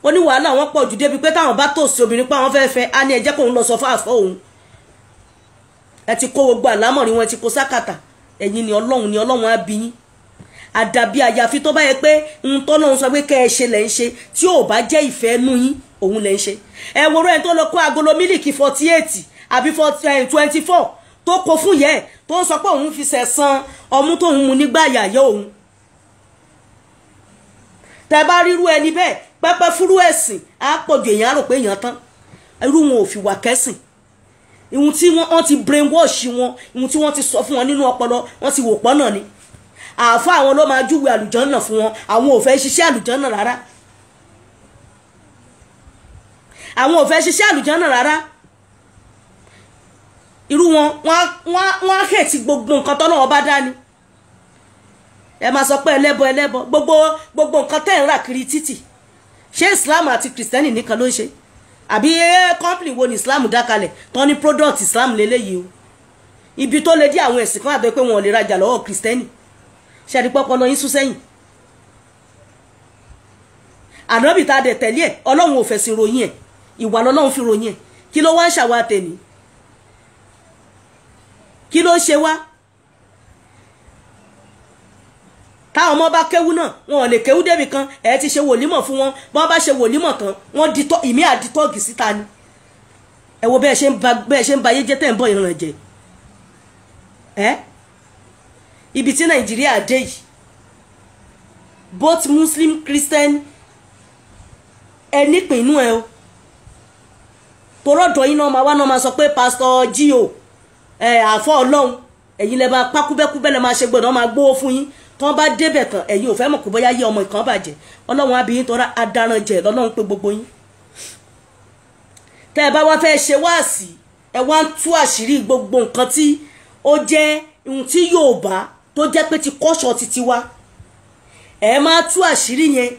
oni ní wàhálà wọn pọ̀ jù débi pé táwọn bá tòsí obìnrin pé àwọn fẹ́ẹ́ fẹ́ á ní ẹjẹ́ kóun lọ sọ fáàfọ́ òun ẹ ti kó gbogbo àlámọ̀rí wọn ti kó sákàtà ẹ̀yin ni ọlọ́run ni ọlọ́run á bí yín àdàbí àyàfi tó bá yẹ pé ohun tó lọ́run sọ pé kẹ́ ẹ ṣe lẹ́ ń ṣe tí ò bá jẹ́ ìfẹ́ nú yín òun lẹ́ ń ṣe ẹ wo rẹ̀ tó lọ kó agolo mílìkì forty eight àbí twenty four tó kó fún yẹ tó sọ pé òun fi sẹ̀san ọmú tóun mu nígbà yàyà òun tẹ bá rírú ẹni bẹ́ẹ̀ pẹpẹ fúrú ẹ̀sìn á pọ̀jù èèyàn á rò pé èèyàn tán irú wọn ò fi wà kẹ́sìn ìhun tí wọ́n ti brain wash wọn ìhun tí wọ́n ti sọ fún wọn nínú ọpọlọ wọ́n ti wò pọ́ náà ni àáfà àwọn ló máa júwe àlùjànnà fún wọn àwọn ò fẹ́ ṣiṣẹ́ àlùjànnà rárá àwọn ò fẹ́ ṣiṣẹ́ àlùjànnà rárá irú wọn wọ́n á hẹ̀ tí gbogbo nǹkan tọ́nà wọn bá dá ni ẹ máa sọ pé ẹlẹ́bọ ẹlẹ́bọ gbogbo gbogbo nǹkan tẹ́ ń rà kiri títì ṣé islam àti kristẹni nìkan ló ń ṣe àbí eh, eh, company wo ni islam dá kalẹ̀ tán ní product islam lélẹ́yìí o ibi tó lè dí àwọn ẹ̀sìn kan àbẹ́ pé wọn ò lè rajà lọ́wọ́ kristẹni ṣẹ́ni pọ́pọ́ lọ yín sún sẹ́yìn ànábì tá a dẹ̀ tẹ̀lé ẹ̀ ọlọ́run ò fẹ̀sìn ròyìn ẹ̀ ìwà lọ́lọ́run fi ròyìn ẹ̀ kí ló wá ń ṣàwa tẹ̀lé kí ló ń ṣe wá táwọn ọmọ bá kéwú náà wọn ò lè kéwú débi kan ẹ ti se wòlímọ̀ fún wọn bọ́n bá ṣe wòlímọ̀ kan wọ́n di tọ́ ìmí àdìtọ́ọ̀gì síta ni ẹ wo be ṣe ń ba bẹ́ẹ̀ ṣe ń ba ayé jẹ́ tẹ̀ ń bọ̀ ìran jẹ ẹ ibi tí nàìjíríà dé yìí both muslim christian eni nípìnú ẹ o torọ́dọ̀ yín náà máa wá náà máa sọ pé pásítọ̀ gio ẹ àfọ́ ọlọ́run ẹ̀yin lẹ́ máa pákúbẹ́kúbẹ́ lẹ́ ma ṣe gbọ́dọ̀ máa gbówó fún yín tán bá débẹ̀ tán ẹ̀yin ò fẹ́ mọ̀ kó bóyá yé ọmọ ìkan bàjẹ́ ọlọ́run abiyin tọ́ra adaranjẹ lọ́lọ́run pé gbogbo yín tẹ́ ẹ bá wá fẹ́ ṣe wáàsí ẹ wá ń tú àṣírí gbogbo nǹkan tí ó jẹ́ ohun tí Yorùbá tó jẹ́ pé ti kọ́ṣọ́ títí wá ẹ máa tú àṣírí yẹn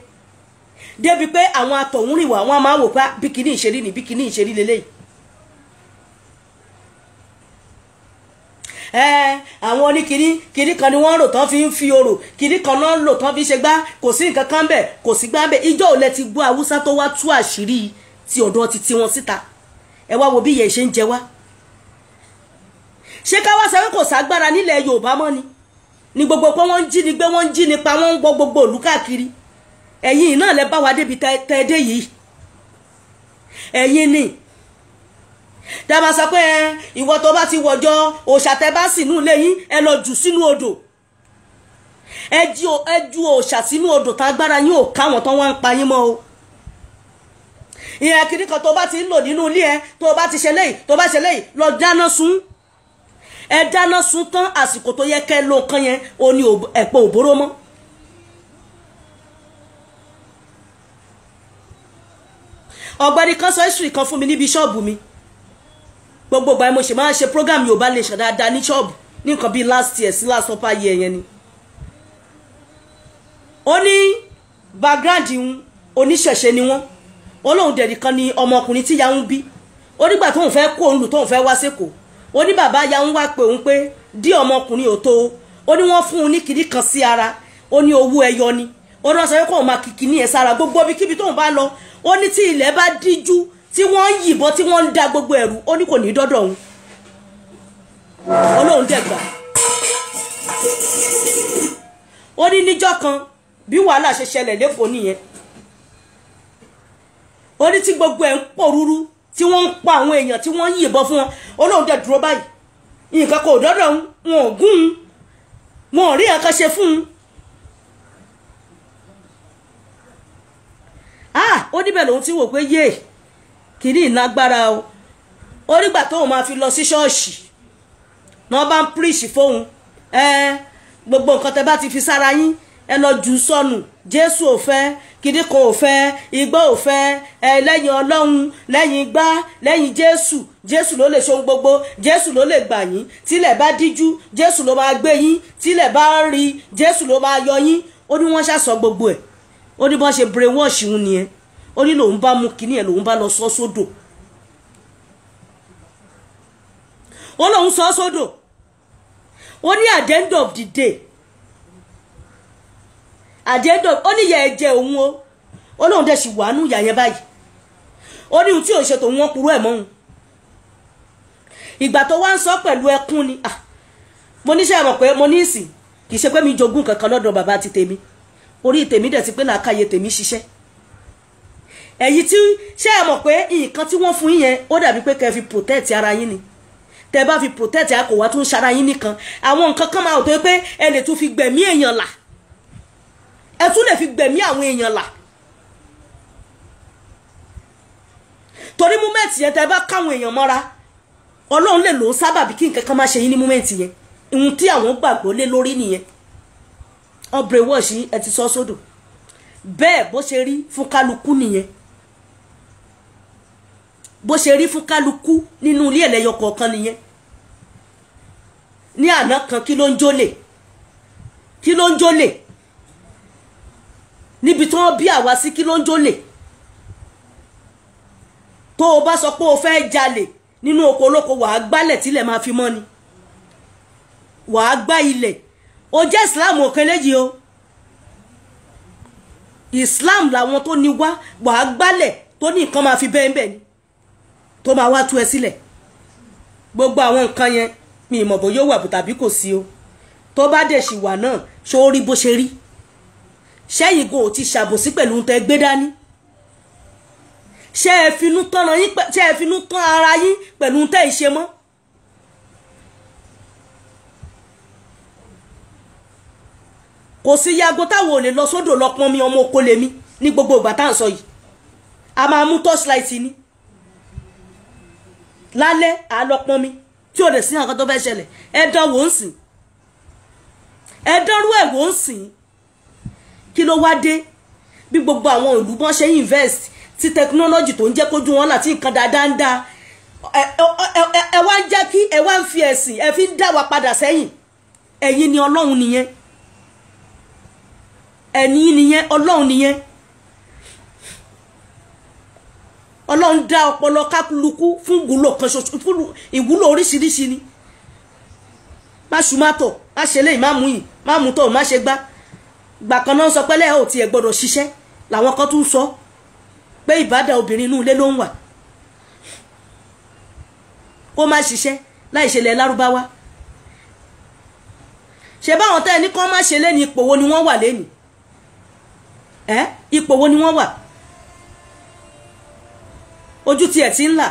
débi pé àwọn atọ̀húnrìnwá wọn máa wò pa ah, bí ìṣerí ni bí ìṣerí lélẹ́yìí àwọn oníkìní kiri, kan ni wọ́n rò tán fi ń fi orò kìní kan náà rò tán fi ṣe gbá kò sí nǹkan kan bẹ̀ kò sí gbá bẹ̀ ìjọ ò lẹ ti gbọ́ haúsá tó wá tú àṣírí ti ọ̀dọ̀ ti tiwọn síta ẹ wá wo bí ìyẹn ṣe ń jẹ wá ṣé ká sọ pé kò ságbára nílẹ̀ Yorùbá mọ́ ni ni gbogbo pé wọ́n ń jí ni gbé wọ́n ń jí ni wọ́n ń gbọ́ gbogbo òlú káàkiri ẹ̀yin náà lẹ bá wa débi tẹ́ẹ́dẹ́ yìí ẹ̀yin ni tẹ máa sọ pé ìwọ tó bá ti wọjọ òòṣà tẹ bá sínú ilé yín ẹ lọ jù sínú odò ẹ ju òòṣà sínú odò tágbára yín ò káwọn tán wá ń pa yín mọ́ o ìyẹn kiri kan tó bá ti ń lò nínú ilé ẹ tó bá ti ṣe léyìí tó bá ṣe léyìí lọ dáná sun ẹ dáná sun tán àsìkò tó yẹ kẹ ló nǹkan yẹn o ní ẹpẹ òbóró mọ́. ọ̀gbẹ́ni kan sọ history kan fún mi níbi ṣọ́ọ̀bù mi gbogbo ìgbà mo ṣe máa ṣe program Yorùbá Nation dáadáa ní ṣọ́ọ̀bù ní nǹkan bíi last year sí last upper year yẹn ni ó ní background oníṣẹ̀ṣe ni wọ́n olóhùn dẹ̀ nìkan ni ọmọkùnrin tíya ń bí ó nígbà tóun fẹ́ kó òun lù tóun fẹ́ wá sékòó ó ní bàbá ya ń wá pé òun pé dí ọmọkùnrin ò tó ó ní wọ́n fún un ní kinní kan sí ara ó ní owó ẹyọ ni ó ní wọ́n sọ pé kóun máa kìkì ní ẹ̀ sára gbogbo ibikíbi tóun bá lọ ó ní tí ilẹ̀ bá díjú tí wọ́n ń yìnbọn tí wọ́n ń da gbogbo ẹ̀rù ó ní kò ní dọ́dọ̀ òun ọlọ́run dẹ̀gbà ó ní níjọ́ kan bí wàhálà ṣe ṣẹlẹ̀ lẹ́kọ̀ọ́ nìyẹn ó ní tí gbogbo ẹ̀ ń pọ̀ rúrú tí wọ́n ń pa àwọn èèyàn tí wọ́n ń yìnbọn fún wọn ọlọ́run dẹ̀ dúró báyìí nǹkan kò dọ́dọ̀ wọn ò gún un wọn ò rí nǹkan ṣe fún un ah! ó níbẹ̀ lòun ti wò pé yéè kìíní ìnagbára o ó nígbà tóun máa fi lọ sí ṣọ́ọ̀ṣì náà bá ń píríṣì fóun ẹ gbogbo nǹkan tẹ bá ti fi sára yín ẹ lọ jù sọnù jésù ò fẹ́ kìíní kan ò fẹ́ igbó ò fẹ́ ẹ lẹ́yìn ọlọ́run lẹ́yìn igbá lẹ́yìn jésù jésù ló lè ṣohun gbogbo jésù ló lè gbà yín tílẹ̀ bá díjú jésù ló máa gbé yín tílẹ̀ bá rí jésù ló máa yọ yín ó ní wọ́n ṣàṣọ gbogbo ẹ̀ ó ní bọ́n ṣe brainwash ń nìyẹn ó ní lòun bá mú kinní ẹ̀ lòun bá lọ sọ sódò ó lòun sọ sódò ó ní at the end of the day at the end of ó ní ìyá ẹ jẹ òun o ó lóun dẹ̀ sì wàánú ìyá yẹn báyìí ó ní ohun tí ò ṣe tòun wọn kúrú ẹ̀ mọ́hun ìgbà tó wá ń sọ pẹ̀lú ẹkún ni ah, mo níṣẹ́ mọ̀ pé mo ní ìsìn kì í ṣe pé mi jogún kankan lọ́dọ̀ bàbá ti tèmi orí tèmi dẹ̀ ti pé làákàyè tèmi ṣiṣẹ́ èyí tí ṣé ẹ mọ̀ pé nǹkan tí wọ́n fún yín yẹn ó dàbí pé kẹ́ fi protect ara yín ni tẹ́ bá fi protect ara kò wá tún ṣara yín nìkan àwọn nǹkan kan máa tó pé ẹ lè tún fi gbẹ̀mí èèyàn là ẹ tún lè fi gbẹ̀mí àwọn èèyàn là torí múmẹ́ǹtì yẹn tẹ́ bá káwọn èèyàn mọ́ra ọlọ́run lè lò ó sábàbí kí nǹkan kan má ṣe yín ní múmẹ́ǹtì yẹn ohun tí àwọn gbàgbọ́ lé lórí nìyẹn ọ̀bẹ̀rẹ̀ wọ̀ṣí ẹ ti sọ sódò bẹ́ẹ̀ bó ṣe rí fún kálukú nìyẹn bó ṣe rí fún kálukú nínú ilé ẹlẹ́yọ kọ̀ọ̀kan nìyẹn ní àná kan kí ló ń jólè kí ló ń jólè níbi tí wọ́n bí àwa sí kí ló ń jólè tó o bá sọ pé o fẹ́ jalè nínú oko olóko wàá gbálẹ̀ tílẹ̀ máa fi mọ́ wàá gbá ilẹ̀ o jẹ́ Islam ọ̀kan léjì o Islam làwọn tó ní wá wàá gbálẹ̀ tó ní nǹkan máa fi bẹ́ẹ̀ bẹ́ẹ̀ ni tó máa wá tú ẹ sílẹ̀ gbogbo àwọn nǹkan yẹn mi ìmọ̀ bó yóò wà bù tàbí kò sí o tó bá dẹ̀ sì wà náà ṣó rí bó ṣe rí ṣẹ́yìn kò ti ṣàbòsí pẹ̀lú ohun tẹ́ gbé dání ṣé ẹ finú tán ara yín pẹ̀lú ohun tẹ́ ì ṣe mọ́. kò sí yago táwọn ò lè lọ sódò lọ pọnmi ọmọ okòlèmí ní gbogbo ìgbà tá à ń sọ yìí a máa mú torchlight ni lálẹ́ àlọ́pọn mi tí ò lè sí nǹkan tó fẹ́ ṣẹlẹ̀ ẹ̀dán wò ń sìn ẹ̀dánrú ẹ̀ wò ń sìn kí ló wá dé bí gbogbo àwọn ìlú bọ́n ṣe invest ti technology tó ń jẹ́ kójú wọn láti nǹkan dáadáa ń dáa ẹ wá ń jẹ́ kí ẹ wá ń fi ẹ̀sìn ẹ fi ń dá wa padà sẹ́yìn ẹ̀yin ni ọlọ́run nìyẹn ẹ̀yin nìyẹn ọlọ́run nìyẹn ọlọ́run dá ọpọlọ kákúlukú fún ìwúlò kan ṣoṣo fún ìwúlò oríṣiríṣi ni má ṣùmátọ̀ má ṣe léyìn má mú yìí má mú tọ̀ má ṣe gbá gbà kan náà sọ pẹ́lẹ́ ò tiẹ̀ gbọ́dọ̀ ṣiṣẹ́ làwọn kan tún sọ pé ìbádà obìnrin inú ilé ló ń wà kó má ṣiṣẹ́ láì ṣẹlẹ̀ lárúbáwá ṣe báwọn tẹ́ ẹ ní kán má ṣe lẹ́ni ipò wo ni wọ́n wà lẹ́ni ẹ ipò wo ni wọ́n wà ojú tí ẹ̀ ti ń là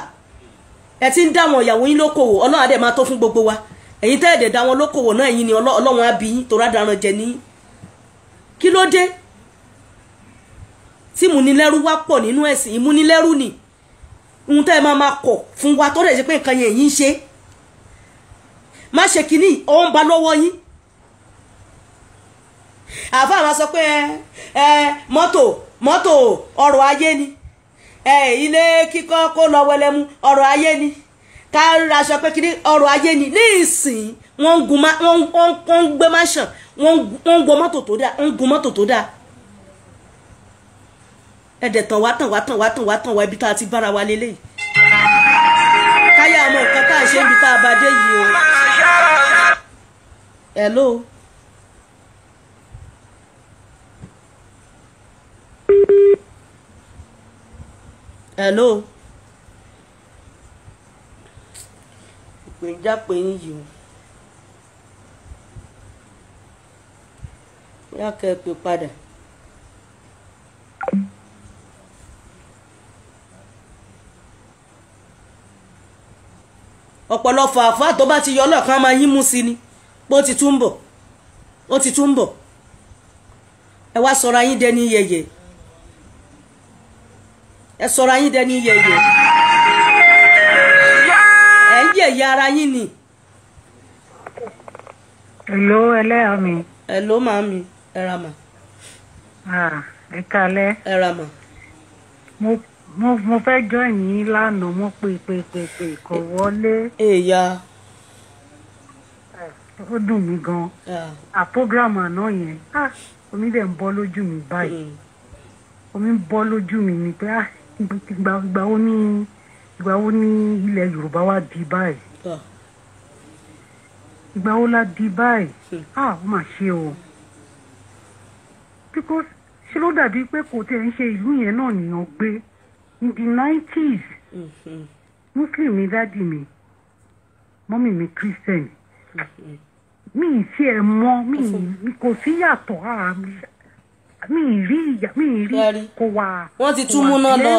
ẹ̀ ti ń dá wọn ìyàwó yín lókòwò ọlọ́run àdẹ̀ máa tó fún gbogbo wa ẹ̀yin tẹ́ ẹ̀dẹ̀ dá wọn lókòwò náà ẹ̀yin ni ọlọ́run á bí yín tó rádaràn jẹ ní kí ló dé tí ìmúnilẹ́rú wá pọ̀ nínú ẹ̀sìn ìmúnilẹ́rú ni ohun tẹ́ ẹ máa máa kọ̀ fún wa tó dẹ̀ ṣe pé nǹkan yẹn yín ṣe má ṣe kínní ọwọ́ ń ba lọ́wọ́ yín àfa àwọn sọ pé ẹ mọ́tò mọ́tò ọrọ̀ ayé ni ilé kíkọ́ kó lọ wẹlẹ́mú ọ̀rọ̀ ayé ni ká raṣọ pé kí ni ọ̀rọ̀ ayé ni ní ìsìn wọ́n ń gbé máṣàn wọ́n ń gun mọ́tò tó dáa ń gun mọ́tò tó dáa ẹ̀dẹ̀ tàn wá tàn wá tàn wá tàn wá tàn wá ibi tá a ti bára wa lélẹ́yìí káyà ọmọ nǹkan tá a ṣe ibi tá a bá dé yìí o hello. Thank you. hello ìpèníjà pé yín yìí o bóyá kẹ́ ẹ pè padà. ọ̀pọ̀lọpọ̀ àfáà tó bá ti yọ ọlọ́ọ̀kan máa yín mú sí ni pé ó ti tún ó ti tún ẹ wá sọra yín dẹni ẹ sọra yín dẹni yẹyẹ ẹ ń yẹyẹ ara yín ni. hello ẹlẹ́yà mi. hello màámi ẹ ra mà. ẹ kalẹ́. ẹ mà. mo mo mo fẹ́ join yín lánàá mo pè pè pè pè kò eh, wọlé. èèyà. Eh, ó dùn mí gan-an. à program àná yẹn ah, omi dẹ̀ ń bọ́ lójú mi báyìí mm. omi ń bọ́ lójú mi ni pé ah ìgbà wo ni ìgbà wo ni ilẹ̀ Yorùbá wa di báyìí ìgbà wo la di báyìí ah ó mà ṣe o because ṣe ló dàbí pé kò tẹ̀ ń ṣe ìlú yẹn náà nìyàn gbé in the nineties mm-hmm. muslim ni dádì mi mọ́mì mi christian mm-hmm. mi ì tiẹ̀ mọ̀ mi kò sí yàtọ̀ mi ì rí ìyá mi ì rí kò wà wọ́n ti tún múná lọ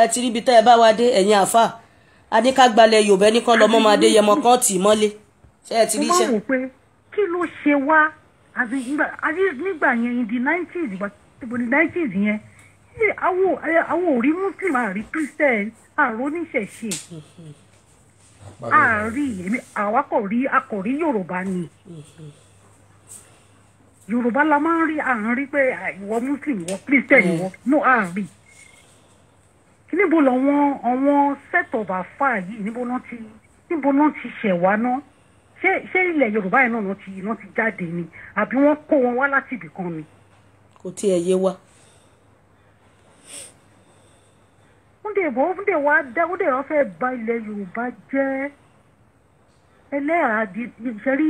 ẹ ti ríbi tẹ́ ẹ bá wa dé ẹ̀yin àáfà adékágbalẹ̀ yorùbá ẹni kan lọ́mọ́ máa dé yẹmọ kan tì í mọ́lé ṣe ẹ ti rí iṣẹ́. mo máa wò pé kí ló ṣe wá nígbà yẹn in the nineties ìbò ní nineties yẹn àwọn ò muslim àrí christian àrò àárí àwa kò rí yorùbá ni yorùbá la máa ń rí à ń rí pé ìwọ muslim ìwọ christian mm. ìwọ no à ń rí níbo làwọn àwọn set of afa yìí níbo náà ti níbo náà ti ṣẹ̀wá náà ṣé ṣé ilẹ̀ yorùbá yẹn náà ti iná ti jáde ni àbí wọ́n kó wọn wá láti ibì ni. kò tiẹ̀ yé wa. wúndè bò wúndè wá dá wúndè wá fẹ́ ba ilẹ̀ yorùbá jẹ́ ẹlẹ́yà ṣe rí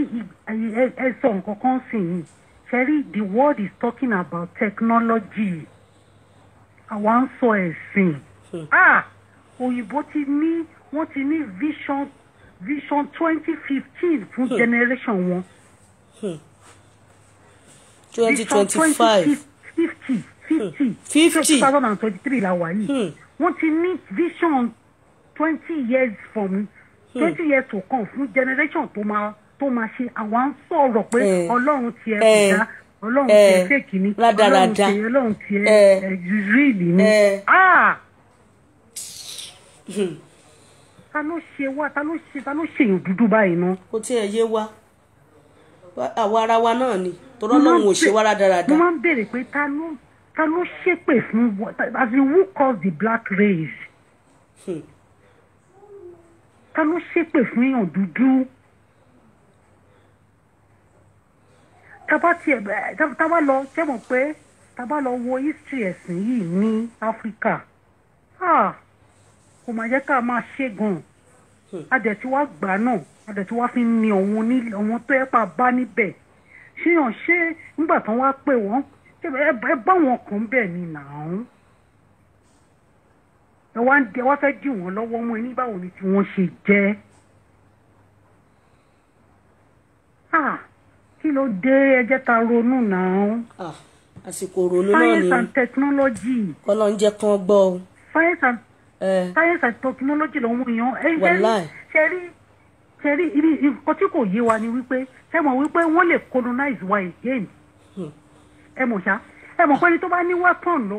ẹ̀sọ̀ nǹkan kan sì yìí. Cherry, the world is talking about technology. Àwa ń sọ ẹ̀sìn. Hmm. Ah! Òyìnbó ti ní wọ́n ti ní vision vision twenty fifteen fún hmm. generation wọn. Hmm. twenty twenty five fifty fifty fifty two thousand and twenty three la wà yìí. wọ́n ti ní vision twenty years from twenty years to come fún generation tó máa tó máa ṣe àwa ń sọ̀rọ̀ pé eh, ọlọ́run tiẹ̀ kò eh, dá ọlọ́run tiẹ̀ eh, fèkì ni ọlọ́run tiẹ̀ ọlọ́run tiẹ̀ rírìlì ni ah! hmm. ta ló ṣe wá ta ló ṣe ta ló ṣe èèyàn báyìí ná. kò tiẹ̀ yé wa àwa ara wa náà ni tọ́lọ́ náà ò ṣe wá rádaràda. mo máa ń béèrè pé ta ló ta ló ṣépè fún as in who caused the black race. Hmm. ta ló ṣépè fún èèyàn dúdú. tábà tiẹ̀ bẹ́ẹ̀ tábà lọ ṣé mọ̀ pé tábà lọ wo history ẹ̀sìn yìí ní áfíríkà ah, kò máa jẹ́ ká máa ṣẹ́gun hmm. adẹ̀tiwá gbà náà adẹ̀tiwá fi ń ní ọ̀hún tó ẹ̀ pa bá níbẹ̀ ṣéyàn ṣé nígbà tán wá pè wọ́n ẹ bá wọn kàn bẹ́ẹ̀ ni nàún ẹ wá ń di ẹ wá fẹ́ dì wọ́n lọ́wọ́ mú ẹni báwo ni tí wọ́n ṣe jẹ́. Ah kí ló dé ẹ jẹ́ ronú náà. àsìkò ronú náà ni science and technology. kọ́lọ́ ń jẹ́ kán gbọ́ o. science and science and technology lòun èèyàn. wàláì ṣe rí ṣe rí ibi nǹkan tí kò yé wa ni wípé ẹ mọ̀ wípé wọ́n lè colonize wa again. Hmm. ẹ mọ̀ ṣá ẹ mọ̀ pé ẹni tó bá ní weapon lọ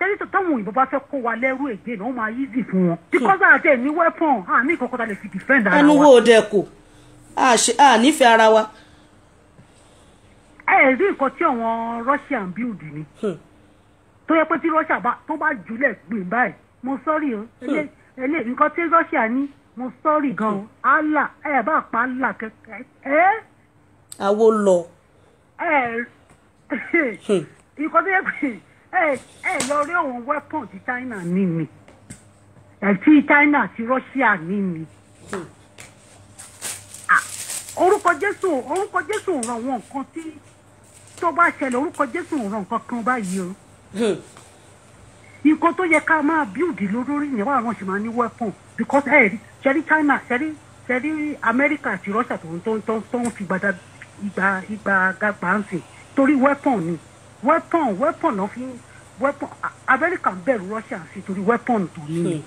tẹ́lí tó táwọn òyìnbó bá fẹ́ kó wa lẹ́rú ègbé ó máa easy fún wọn. Hmm. because àti ẹ̀ ní weapon àmì ìkọ̀kọ̀ta lè fi defend ara wa. ẹnu wo dẹ kò ànífẹ́ ara wa ẹ nǹkan tí àwọn Russia ń build ni hmm. tó yẹ pé tí Russia bá tó bá jùlẹ̀ gbìn báyìí mo sọ́ọ̀rì o ẹlẹ́ hmm. nǹkan tí Russia ní mo sọ́ọ̀rì gan o hmm. Allah ẹ bá pa Allah kẹkẹ ẹ. àwo lọ. nǹkan tó ẹ lọ rí àwọn weapon ti China ní ni ti China àti Russia ní ni. Ah, orúkọ Jésù orúkọ Jésù ràn wọn nǹkan tí tó bá ṣẹlẹ̀ orúkọ jésù ò ràn kankan báyìí o hmm. nǹkan tó yẹ ká máa bíùdì lórí yẹn wà wọn sì máa ní wẹ́pọ̀n because ẹ̀ ṣẹ́rí China ṣẹ́rí ṣẹ́rí Amẹ́ríkà àti Russia tó ń tó ń tó ń fi gbàdá ìgbà ìgbà gàgbà ń sìn torí wẹ́pọ̀n ni wẹ́pọ̀n wẹ́pọ̀n náà fi wẹ́pọ̀n Amẹ́ríkà ń bẹ̀rù Russia sí torí wẹ́pọ̀n tó ní hmm.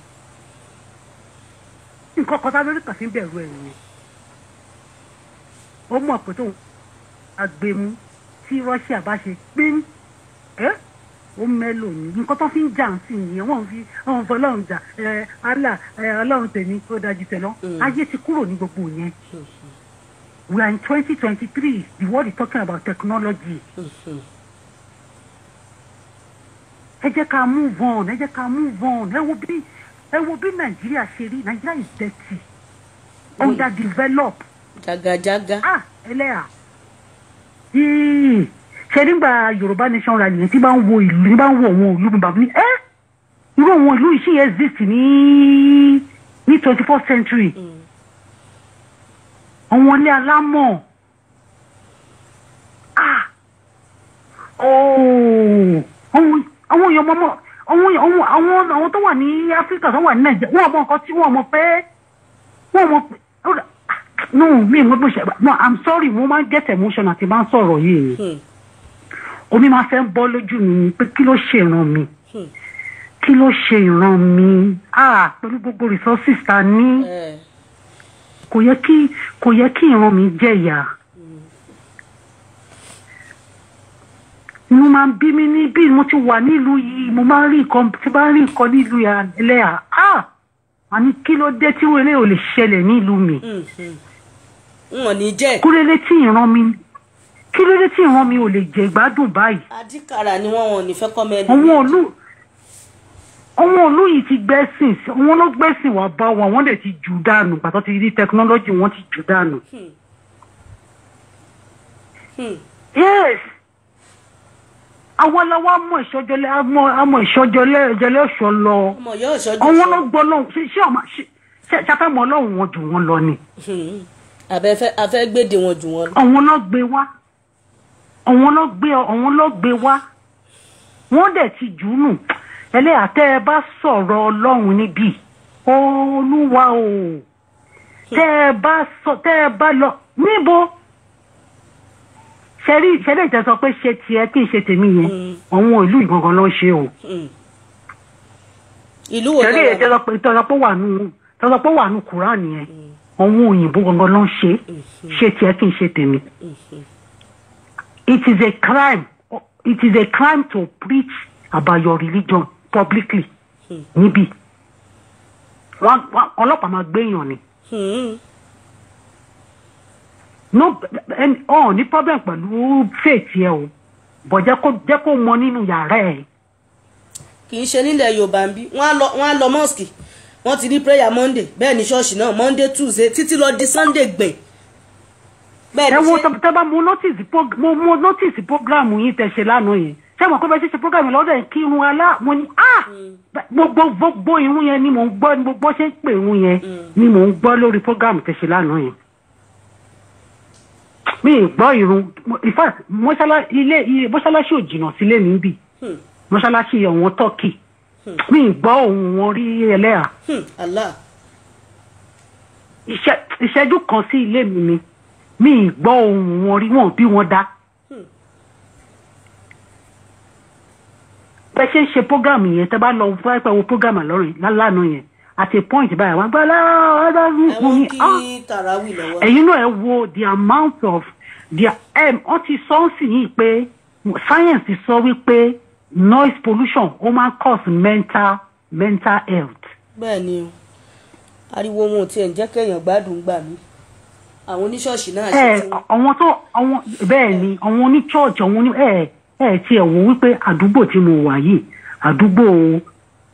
nǹkan kan tí Amẹ́ríkà fi ń bẹ̀rù ẹ̀ nìyẹn ó mọ̀ pé tó ń agbémú tí Russia bá ṣe pín ẹ́ ó mẹ́lò ní nǹkan tó fi ń jà sí nìyẹn wọ́n fi wọ́n fọ ọlọ́run jà ẹ Allah ẹ ọlọ́run tèmi ó dájú tẹ̀ hmm. ayé ti kúrò ní gbogbo yẹn we are in twenty twenty three the world is talking about technology. ẹ jẹ́ ká move on ẹ jẹ́ ká move on ẹ wo bí ẹ wo bí nàìjíríà ṣe rí nàìjíríà is dirty hmm. underdeveloped. jagajaga. ah ẹlẹ́yà yìí hmm. ṣe nígbà yorùbá nation ra yìí tí bá ń wo ìlú ní bá ń wo òun ìlú bàbá mi ẹ irú òun ìlú yìí ṣì exist ní ní twenty fourth century hmm. àwọn ilé alámọ̀ ah ooo oh! àwọn èèyàn mọ́mọ́ àwọn àwọn tó wà ní áfíríkà tó wà ní nàìjíríà wọ́n mọ nǹkan tí wọ́n mọ pé wọ́n mọ pé no mi mo mo ṣe no i'm sorry mo máa get emotional àti máa ń sọ̀rọ̀ yìí ni hmm. omi máa fẹ́ ń bọ́ lójú mi ni pé kí ló ṣe ìran mi hmm. kí ló ṣe ìran mi ah pẹ̀lú gbogbo resources ta ní eh. kò yẹ kí kò yẹ kí ìran mi jẹ ìyà mo máa ń bí mi ní bí mo ti wà nílùú yìí mo máa ń rí nǹkan tí bá ń rí nǹkan nílùú yà lẹ́yà ah àní kí ló dé tí wọ́n eléyìí ò lè ṣẹlẹ̀ nílùú mi. Mm -hmm. hmm wọn ní jẹ. kúrẹ́lẹ́ tí ìran mi kí ló dé tí ìran mi ò lè jẹ ìgbádùn báyìí. àdìkàrà ni wọn wọn ò ní fẹ́ kọ́ mẹ́rin. àwọn olú àwọn olú yìí ti gbẹ́sìn wọn ló gbẹ́sìn wá bá wa wọ́n lè ti jù dànù pàtó ti rí tẹkinọ́lọ́jì wọ́n ti jù dànù. Hmm. Hmm. yes àwọn lọ́wọ́ amọ̀ ìṣọ́jọ́lẹ́ amọ̀ ìṣọ́jọ́lẹ́ ẹ̀jẹ̀lẹ́ ọ̀ṣọ́ lọ àwọn ló gbọ́ lọ́hùn ṣé ṣé ṣàtàmọ́ ọlọ́run wọn jù wọn lọ ni. Hmm àbẹ́fẹ́ afẹ́gbèdè wọn jù wọn. àwọn ló gbé wá àwọn ló gbé àwọn ló gbé wá wọ́n dẹ̀ ti jù ú nù ẹlẹ́yà tẹ́ ẹ bá sọ̀rọ̀ ọlọ́run níbí olúwa o tẹ́ ẹ bá sọ tẹ́ ẹ bá lọ níbo ṣẹlí ìṣẹ̀lẹ̀ ìtẹ sọ pé ṣe tiẹ̀ kí n ṣe tèmi yẹn mm. àwọn ìlú ìgangan ló ṣe o mm. ìlú wo ṣẹlẹ̀ ìtẹ sọ pé tọsọ pé wà pé wà nù kúránì yẹn mm àwọn òyìnbó gangan ló ń ṣe ṣe tiẹ̀ kì í ṣe tèmi. it is a crime it is a crime to preach about your religion publicly níbí wọn ọlọ́pàá máa gbéyàn ni. no ọ ní problem pẹ̀lú faith yẹ o bọ̀ jẹ́ kó jẹ́ kó mọ nínú yàrá ẹ̀. kì í ṣe nílẹ̀ yorùbá ń bí wọ́n á lọ mọ́ọ̀sì wọ́n ti ní prayer monday bẹ́ẹ̀ ni ṣọ́ọ̀ṣì náà monday tuesday títí lọ di sunday gbẹ̀yìn ẹ wo tẹ bá mo notice mo mo notice program yìí tẹ ṣe lánàá yẹn ṣé mo kọ́ bẹ́ẹ̀ ṣe ṣe program yìí lọ́dọ̀ kí irun alá mo ní ah mm. gbogbo gbogbo irun yẹn ni mò ń gbọ́ ni gbogbo ṣe ń pè irun yẹn mm. ni mò ń gbọ́ lórí program tẹ ṣe lánàá yẹn. mi ì gbọ́ irun in fact mọ́ṣáláṣí ò jìnnà sílé mi hmm. bì mọ́ṣáláṣí ọ̀wọ́n tọ́kì mi gbọ́ ohùn wọn rí ẹlẹ́à. Hmm, ìṣẹ́jú kan sí ilé mi ni mi gbọ́ ohùn wọn rí wọn bí wọn dá. Hmm. bẹ́ẹ̀ ṣe ń ṣe program yẹn tẹ́ bá lọ fẹ́ pẹ́ wo program àlọ́rìn lánàá yẹn at a point báyìí wọn gbọ́dọ̀ ọ̀dọ̀ fún mi ah! ẹ̀yin náà ẹ wo the amount of the ọ̀ ti sọ́ọ̀sì yìí pé science sọ wípé noise pollution ó máa cause mental mental health. bẹ́ẹ̀ni o ariwo wọn ò tiẹ̀ jẹ́ kéèyàn gbádùn gbà mí àwọn oníṣọ́ọ̀ṣì náà ṣe eh, ti tó àwọn bẹ́ẹ̀ ni àwọn oníṣọ́ọ̀ṣì oní ẹ̀ ẹ̀ tiẹ̀ wò wípé àdúgbò tí mo wà yìí àdúgbò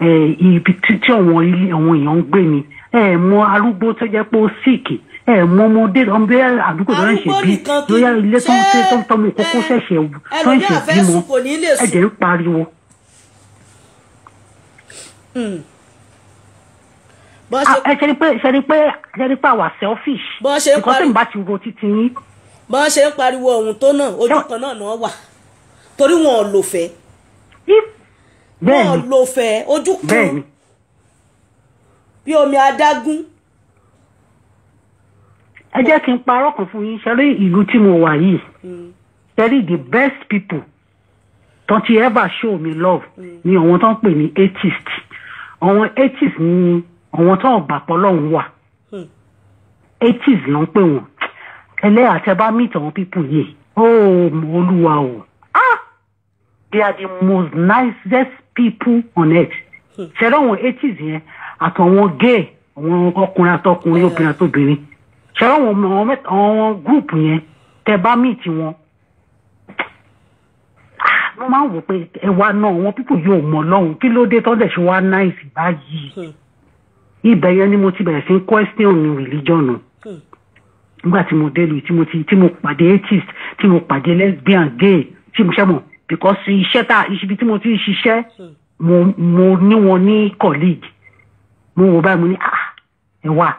eh, ibi tí àwọn èèyàn ń gbé ni ẹ̀ eh, mọ arúgbó tó jẹ́ pé ó síìkì ẹ mọ ọmọdé lọ bẹ àdúgbò lọ ṣe bí lóyá ilé tó ń tẹ tó ń tọmọ kókó ṣẹ̀ṣẹ̀ tó ń ṣe bímọ ẹ̀jẹ̀ ń pariwo. Hmm. ẹ ṣe ni pé ṣe ni pé ṣe ni pé àwa selfish nǹkan tí n bá ti ro títí yín. bọ́n ṣe ń pariwo ohun tó náà ojú kan náà náà wà torí wọn ò lò fẹ́ wọn ò lò fẹ́ ojú kan bí omi adágún ẹ jẹ́ kí n parọ́ kan fún yín ṣẹ́rí ìlú tí mo wà yìí ṣẹ́rí the best people tán ti ever show me love ni àwọn tán pè ní atheist àwọn atheist ni àwọn tán ọ̀gbà pọ́lọ́hún wà atheist ló ń pè wọ́n ẹlẹ́yà tẹ bá meet àwọn people yìí oh olúwa o ah they are the most nicest people on earth ṣẹ́rí àwọn atheist yẹn àtàwọn gay àwọn ọkùnrin àtọkùnrin obìnrin àtobìnrin ṣọ́ra àwọn ọmọ àwọn mẹ́ta àwọn gúùpù yẹn tẹ bá míìtì wọn wọ́n máa ń wò pé ẹ̀wà náà wọn pípò yóò mọ̀ lọ́hùn kí ló dé tọ́lẹ̀ ṣe wá náìsì báyìí hmm. ibẹ̀ yẹn ni mo ti bẹ̀rẹ̀ sí question religion hmm. nígbà tí mo délùú tí mo ti tí mo pàdé atheist tí mo pàdé lesbian gay tí mo ṣe mọ̀ because iṣẹ́ tá ibi tí mo ti ń ṣiṣẹ́ hmm. mo ní wọn ní colleague mo wò báyìí mo ní ah, ẹ̀wà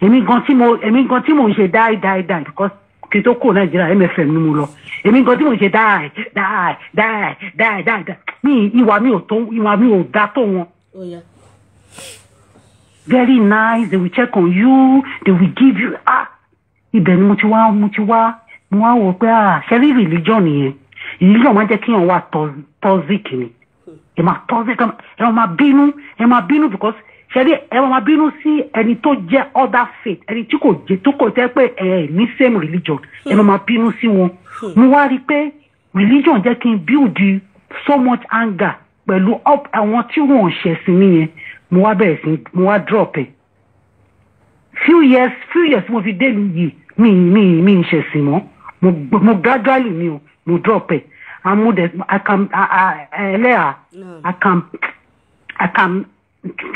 èmi gan tí mo èmi gan tí mo ń ṣe dáì dáì dáì because kí n tó kó nàìjíríà mfm ni mo lọ èmi gan tí mo ń ṣe dáì dáì dáì dáì dáì dáì mi ìwà mi ò tó ìwà mi ò dá tó wọn. very nice they will check on you they will give you ah ibẹ̀ ni mo ti wá mo ti wá mo wá wò pé ah ṣẹ́rí religion nìyẹn religion máa ń jẹ́ kéèyàn wà toxic ni ẹ máa toxic ẹ máa bínú ẹ máa bínú because ṣẹ́rí ẹ máa bínú sí ẹni tó jẹ́ other faith ẹni tí kò jẹ́ tó kò jẹ́ pé ẹ ní same religion ẹ máa bínú sí wọn hmm. mo wá rí i pé religion jẹ́ kí n build so much anger pẹ̀lú àwọn tí wọ́n ṣẹ̀sìn mi yẹn mo wá bẹ̀rẹ̀ sí mo wá drop ẹ̀ few years few years mo fi dé mi yìí mi mi mi ń ṣẹ̀sìn mọ́ mo gradually mi o mo drop ẹ̀ and mo dẹ̀ ẹlẹ́yà hmm. I can I can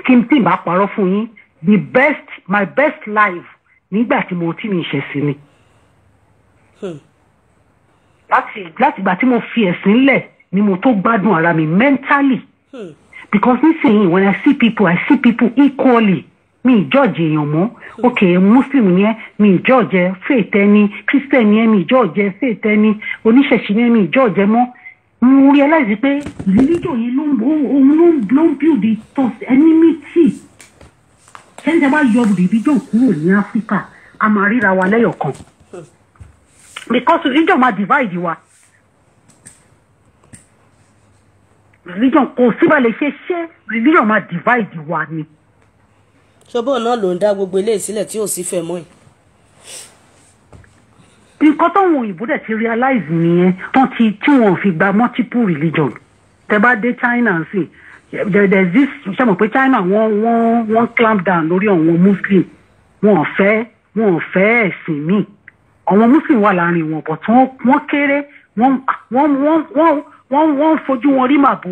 kí n tí bá parọ́ fún yín the best my best life nígbà tí mo mi ní ìṣẹ̀sìn ni. Hmm. láti láti ìgbà tí mo fi ẹ̀sìn lẹ̀ ni mo tó gbádùn ara mi mentally. Hmm. because nísìnyí when I see people I see people equally mi ìjọ́ọ̀jì èèyàn mọ́ hmm. ok muslim ni ẹ mi ìjọ́ọ̀jẹ faith ẹni christian ni ẹ mi ìjọ́ọ̀jẹ faith ẹni oníṣẹ̀ṣin ni ẹ mi ìjọ́ọ̀jẹ mọ́ mo realize pé religion yìí ló ń òun ló ń build trust enmity ṣẹ́ńtẹ́ bá yọ religion kúrò ní áfíríkà a máa ríra wa lẹ́yọ̀kan because religion máa divide wa religion kò síbẹ̀ lè ṣe ṣé religion máa divide wa ni. ṣọ́bọ̀ náà ló ń dá gbogbo eléyìí sílẹ̀ tí ò sí fẹ́ mọ́ ẹ̀ nǹkan táwọn òyìnbó dẹ̀ ti realize nìyẹn tán ti tí wọn fi gba multiple religion tẹ bá dé China sí there there is this ṣe mọ̀ pé China wọ́n wọ́n wọ́n clamp down lórí àwọn Muslim wọn ò fẹ́ wọn ò fẹ́ ẹ̀sìn míì àwọn Muslim wà láàrin wọn but wọ́n kéré wọ́n wọ́n wọ́n wọ́n wọ́n fojú wọn rí màbò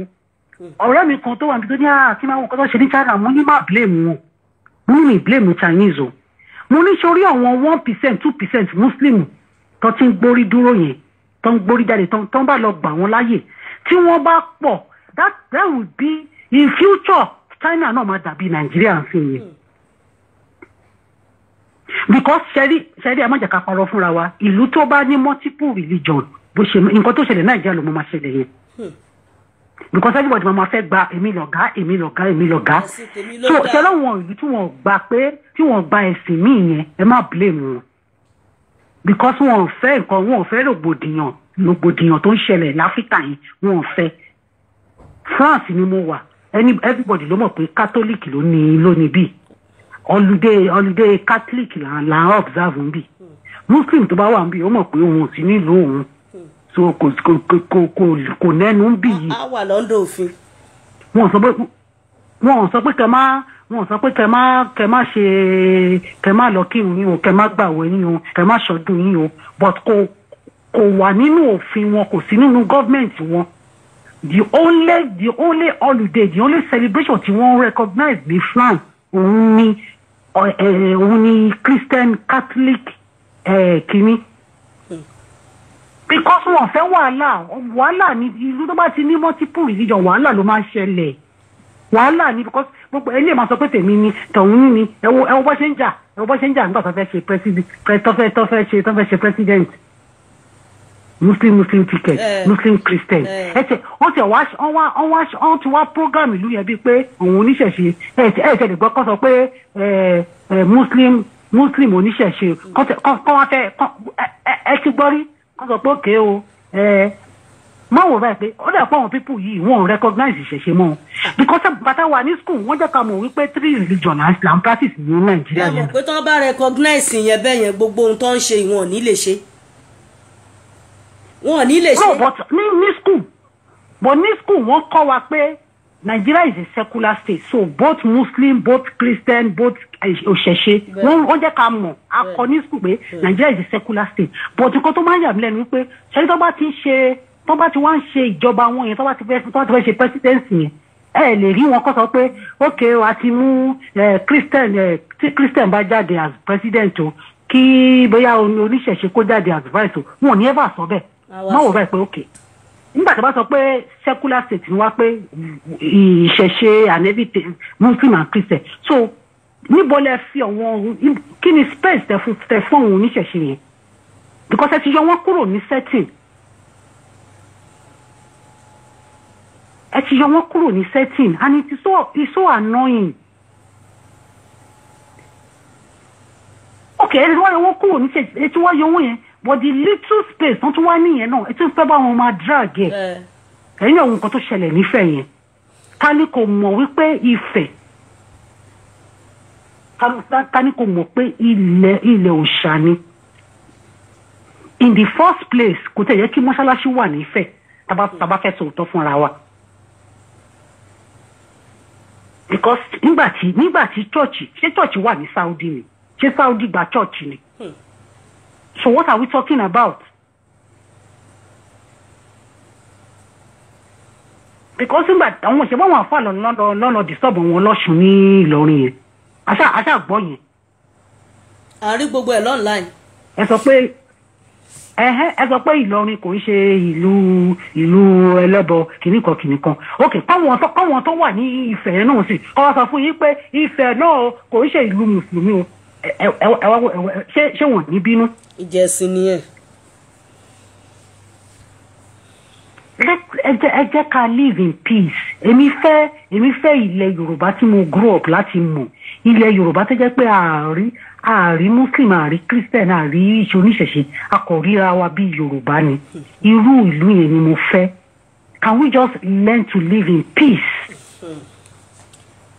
ọ̀rẹ́ mi kan tó wà níbi tó ní àti máa wọ nǹkan tó ṣe ní China mo ní má blame wọn mo ní mi blame Chinese o mo ní sórí àwọn one percent two percent Muslim tán ti ń gbórí dúró yẹn tán ń gbórí jáde tán tán bá lọ gbà wọn láàyè tí wọ́n bá pọ̀ that that would be in future china náà máa dàbí nàìjíríà fi yẹn. because ṣẹ́rí ṣẹ́rí ẹ má jẹ́ ká parọ́ fúnra wa ìlú tó bá ní multiple religion bó ṣe nǹkan tó ṣẹlẹ̀ nàìjíríà ló mọ́ máa ṣẹlẹ̀ yẹn hmm. because everybody máa ma fẹ́ gba èmi lọ̀gá èmi lọ̀gá èmi lọ̀gá so ṣẹlẹ̀ wọn ìlú tí wọ́n gbà pé tí wọ́n gba ẹ̀sìn míì yẹn ẹ má blame wọn because wọn ò fẹ́ nǹkan wọn ò fẹ́ rògbòdìyàn rògbòdìyàn tó ń ṣẹlẹ̀ láfíríkà yẹn wọn ò fẹ́ France ni mo wà everybody ló mọ̀ pé catholic ló ní lónìí bíi holiday holiday catholic là ń observe ń bì muslim tó bá wà ń bì ó mọ̀ pé òun ò sí nílùú òun so kò kò kò kò kò nẹ́nu ń bì yìí. a wà lọ́ndọ̀ òfin. wọn sọ pé wọn sọ pé kẹ máa wọn sọ pé kẹ má kẹ má ṣe kẹ má lọ kírun yín o kẹ má gbàwẹ̀ yín o kẹ má ṣọdún yín o but kò kò wà nínú òfin wọn kò sí nínú gọ́ọ̀mẹ̀ntì wọn the only the only holiday the only celebration tí wọ́n recognize ní France òun ni òun ni Christian Catholic kìíní because wọn fẹ́ wàhálà wàhálà ni irú tó bá ti ní multiple religion wàhálà ló máa ń ṣẹlẹ̀ wàhálà ni because gbogbo ẹni máa sọ pé tèmi ni tọ̀hún ni ẹ̀wọ̀ ẹ̀wọ̀ bọ́ ṣe ń jà ẹ̀wọ̀ bọ́ ṣe ń jà nígbà tó fẹ́ ṣe president tó fẹ́ tó fẹ́ ṣe tó fẹ́ ṣe president muslim muslim ticket eh. muslim christian eh. ẹsẹ wọn ti wá wọn wá wọn ti wá program ìlú yẹn bíi pé òun oníṣẹ̀ṣe ẹsẹ ẹsẹ lè gbọ́ kó sọ pé muslim muslim oníṣẹ̀ṣe kó wá fẹ́ ẹ ti gbọ́ rí kó sọ pé òkè o máa wò báyìí pé ó dà pé pípù yìí wọn ò recognize ìṣẹ̀ṣe mọ́ because bàtà wà ní school wọ́n jẹ́ ká mọ̀ wípé three religion là ń practice ní nàìjíríà yẹn. pé tí wọ́n bá recognize yẹn bẹ́ẹ̀ yẹn gbogbo ohun tó ń ṣe ìwọ̀n ní lè ṣe. wọn ò ní lè ṣe. no but ní ní school but ní school wọ́n kọ́ wa pé Nigeria is a secular state so both Muslim both Christian both òṣèṣe wọ́n jẹ́ ká mọ̀ akọ ní school pé Nigeria is a secular state but nǹkan tó máa ń yà mí lẹ́nu tó bá ti ń ṣe tó bá ti wá ń ṣe ìjọba wọn yẹn tó bá ti fẹ́ tó bá ti fẹ́ ṣe presidency yẹn ẹ lè rí wọn kọ́ sọ pé ókè a ti mú christian tí christian bá jáde as president o kí bóyá oníṣẹ̀ṣe kó jáde as vice o wọn ò ní ever sọ bẹ́ẹ̀ wọ́n wò bẹ́ẹ̀ pé ókè nígbà tó bá sọ pé secular state ni wá pé ìṣẹ̀ṣe and everything muslim and christian so níbo lẹ fi àwọn kí ni space tẹ fún àwọn oníṣẹ̀ṣe yẹn because ẹ ti yọ wọn kúrò ní setting ẹ ti yọ wọn kúrò ní setting and it is so it is so annoying. ok ẹ ti wá yọ wọn kúrò ní setting ẹ ti wá yọ wọn yẹn but the little space tó tún wá nìyẹn náà ẹ ti fẹ́ bá wọn máa drag ẹ eh. ẹ̀yìn ọ̀hún kan tó ṣẹlẹ̀ nífẹ̀ẹ́ yẹn kálí kò mọ̀ wípé ìfẹ́ kálí kò mọ̀ pé ilẹ̀ ilẹ̀ òòṣà ni in the first place kò tẹ̀ yẹ kí mọ́ṣáláṣí wà nífẹ̀ẹ́ tá bá fẹ́ sòótọ́ fúnra wa because nígbà tí nígbà tí chọ́ọ̀chì ṣé chọ́ọ̀chì wà ní Saudi ni ṣé Saudi gba chọ́ọ̀chì ni hmm. so what are we talking about because nígbà àwọn òṣèlú àwọn àfa lọ́nà disturb wọn lọ́sùn ní Ìlọrin yẹn àṣà àṣà gbọ́ yẹn. a rí gbogbo ẹ̀ lọ́nláìn. ẹ sọ pé ẹhẹ ẹ sọ pé ìlọrin kò ń ṣe ìlú ìlú ẹlẹbọ kìnnìkan kìnnìkan ok káwọn tó káwọn tó wà ní ìfẹ náà sì kọ́ sọ fún yín pé ìfẹ náà kò ń ṣe ìlú mùsùlùmí o ẹ ẹ wá ṣé ṣé wọn ní bínú. ìjẹsìn ni ẹ. ẹ jẹ́ ká live in peace èmi fẹ́ èmi fẹ́ ilẹ̀ yorùbá tí mo grow up láti mọ̀ ilẹ̀ yorùbá tó jẹ́ pé ààrí ààrí muslim ààrí christian ààrí iṣẹ́ akọ̀ríra wa bí yorùbá ni irú ìlú yẹn ni mo fẹ́ can we just learn to live in peace.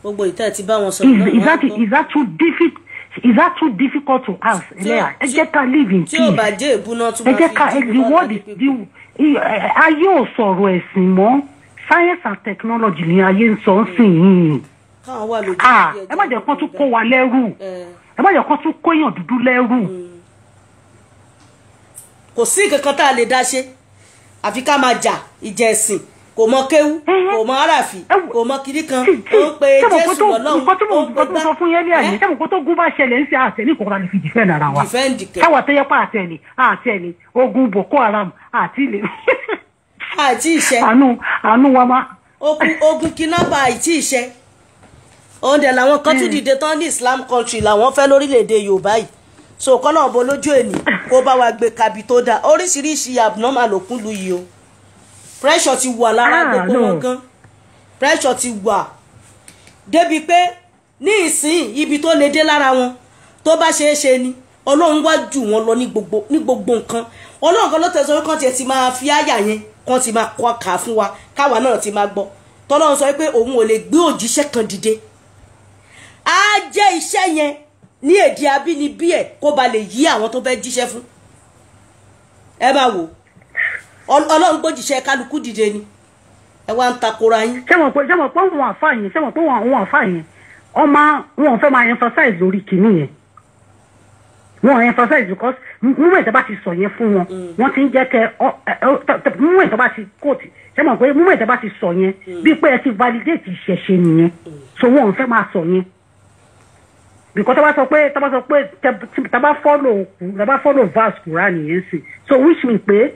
gbogbo ìta ti bá wọn sọ. is that is that too difficult is that too difficult to ask ẹlẹ́yà ẹ jẹ́ ká live in peace. tí o bá jẹ́ ìbúná tún máa fi jẹ́ ayé ò sọ̀rọ̀ ẹ̀sìn mọ́ science and technology ni ayé ń sọ ń sìn yìí káwọn wà lójú ẹjẹ ẹ má jẹ́ kó tún kó wa lẹ́rù ẹ má jẹ́ kó tún kó èèyàn dúdú lẹ́rù. Mm. kò sí kankan tá a lè dá ṣe àfi ká máa jà ìjà ẹ̀sìn kò mọ kéwú eh, eh. kò mọ aráàfin eh, kò mọ kiri kan ó pe jésù ọlọ́run ó pe gbá. nǹkan tó sọ fún yẹn ní àyè sẹ́mu kó tó gún bá ṣẹlẹ̀ ń ṣe àtẹ̀lé kò rà ní fi dìfẹ́ nara wa káwa tẹ́yẹ pa àtẹ̀lé àtẹ̀lé ogun boko haram àti ilé. àti ìṣe àánú àánú wa má. ogun kidnapper àti ìṣe òun dẹ̀ làwọn kan tún hmm. dìde tán ní Islam country làwọn fẹ́ lórílẹ̀‐èdè Yorùbá yìí so kọ́nà ọ̀bọ lójú èní kó bá wa gbé kabi tó dáa oríṣiríṣi abnormal ló kún lu yìí o pressure ti wà lára ah, gbogbo wọn gan pressure ti wà débi pé ní ìsìn ibi tó lè dé lára wọn tó bá ṣeé ṣe ni ọlọ́run wá jù wọn lọ ní gbogbo ní gbogbo nǹkan ọlọ́run kan ló tẹ̀sán wípé kàn tiẹ̀ ti máa fi àyà yẹn kàn ti máa kọ́ kà fún wa káwa náà ti máa gbọ́ tọ́lọ́run sọ pé òun ò lè gbé òjíṣẹ́ kan dìde á jẹ́ iṣẹ́ yẹn ní èdè abínibí ẹ̀ kó ba lè yí àwọn tó fẹ́ jíṣẹ́ fún ẹ máa wò ọlọ́run gbòjìṣẹ́ kálukú dìde ni ẹ wá ń takora yín. ṣé wọn pé ṣé wọn pé wọn àfa yẹn ṣé wọn pé wọn àwọn àfa yẹn ọmọ wọn fẹ́ máa emphasize lórí kìíní yẹn wọn emphasize because múmẹ̀ tó bá ti sọ yẹn fún wọn mm. wọn ti ń jẹ́ kẹ múmẹ̀ tó bá ti kóòtù ṣé pé múmẹ̀ tó bá ti sọ yẹn mm. bí pé ẹ ti validate ìṣẹ̀ṣe nìyẹn mm. so wọn fẹ́ máa sọ yẹn because tọ́ba sọ pé tọ́ba sọ pé tọ́ba follow tọ́ba follow verse Quran yẹn sì so which mean pé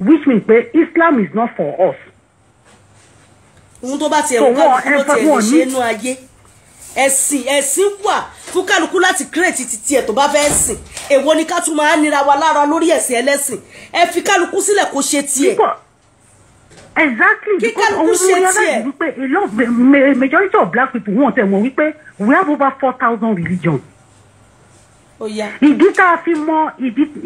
which mean pé Islam is not for us. ohun tó bá tiẹ̀ wọ́n kálukú ló tiẹ̀ lè ṣe inú ayé ẹ̀sìn ẹ̀sìn wà fún kálukú láti kírètì títí ẹ̀ tó bá fẹ́ sìn èwo ni ká tún máa nira wa lára lórí ẹ̀sìn ẹlẹ́sìn ẹ fi kálukú sílẹ̀ kó ṣe tiẹ̀ exactly Kí because òun ló realize wípé a lot majority of black people wọ́n tẹ̀ wọ́n wípé we have over four thousand religions ìdí tá a fi mọ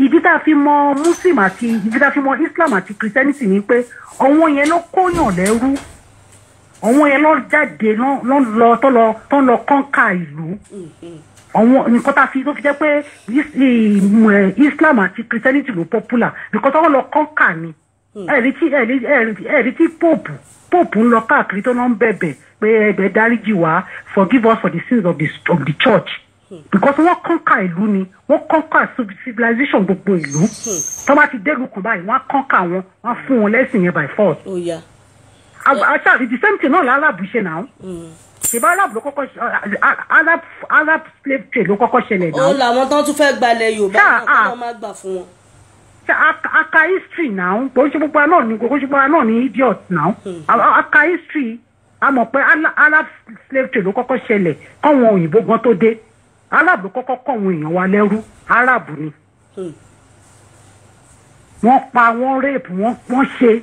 ìdí tá a fi mọ muslim àti ìdí tá a fi mọ islam àti christianity ni pé ọ̀wọ́n yẹn ló kóyàn lẹ́rú ọ̀wọ́n yẹn ló jáde ló lọ tó lọ tó lọ kọ́ńkà ìlú ọ̀wọ́n mm-hmm. nǹkan tá a fi tó fi jẹ́ pé eh, islam àti christianity ló popular nǹkan tó lọ kọ́ńkà ni. Mm -hmm. Hmm. ẹ̀rí tí ẹ̀rí ẹ̀rí tí pope pope ń lọ káàkiri tó náà ń bẹ̀bẹ̀ pé ẹgbẹ́ dáríjì wá forgive us for the sins of the, of the church hmm. because wọ́n kọ́ńkà ìlú ni wọ́n kọ́ńkà civilization gbogbo ìlú hmm. tó bá ti dẹ́gun kan báyìí wọ́n á kọ́ńkà wọn wọ́n á fún wọn lẹ́sìn yẹn by force. àṣà the same thing náà lálàbù ṣe náà ṣèbá arab ló kọ́kọ́ arab arab slave trade ló kọ́kọ́ ṣẹlẹ̀ náà. ó làwọn tán tún fẹ́ gbalẹ̀ yorùbá náà kí wọ́n má gbà fún wọn aka history now. kò ń ṣe gbogbo náà ni kò ń ṣe gbogbo náà ni idiot now. Hmm. aka history a mọ̀ pé arab slave trade ló kọ́kọ́ ṣẹlẹ̀ kọ́wọn òyìnbó gan tó dé arab ló kọ́kọ́ kọ́wọn èèyàn wa lẹ́rú arab ni hmm. wọ́n pa wọ́n rape wọ́n wọ́n ṣe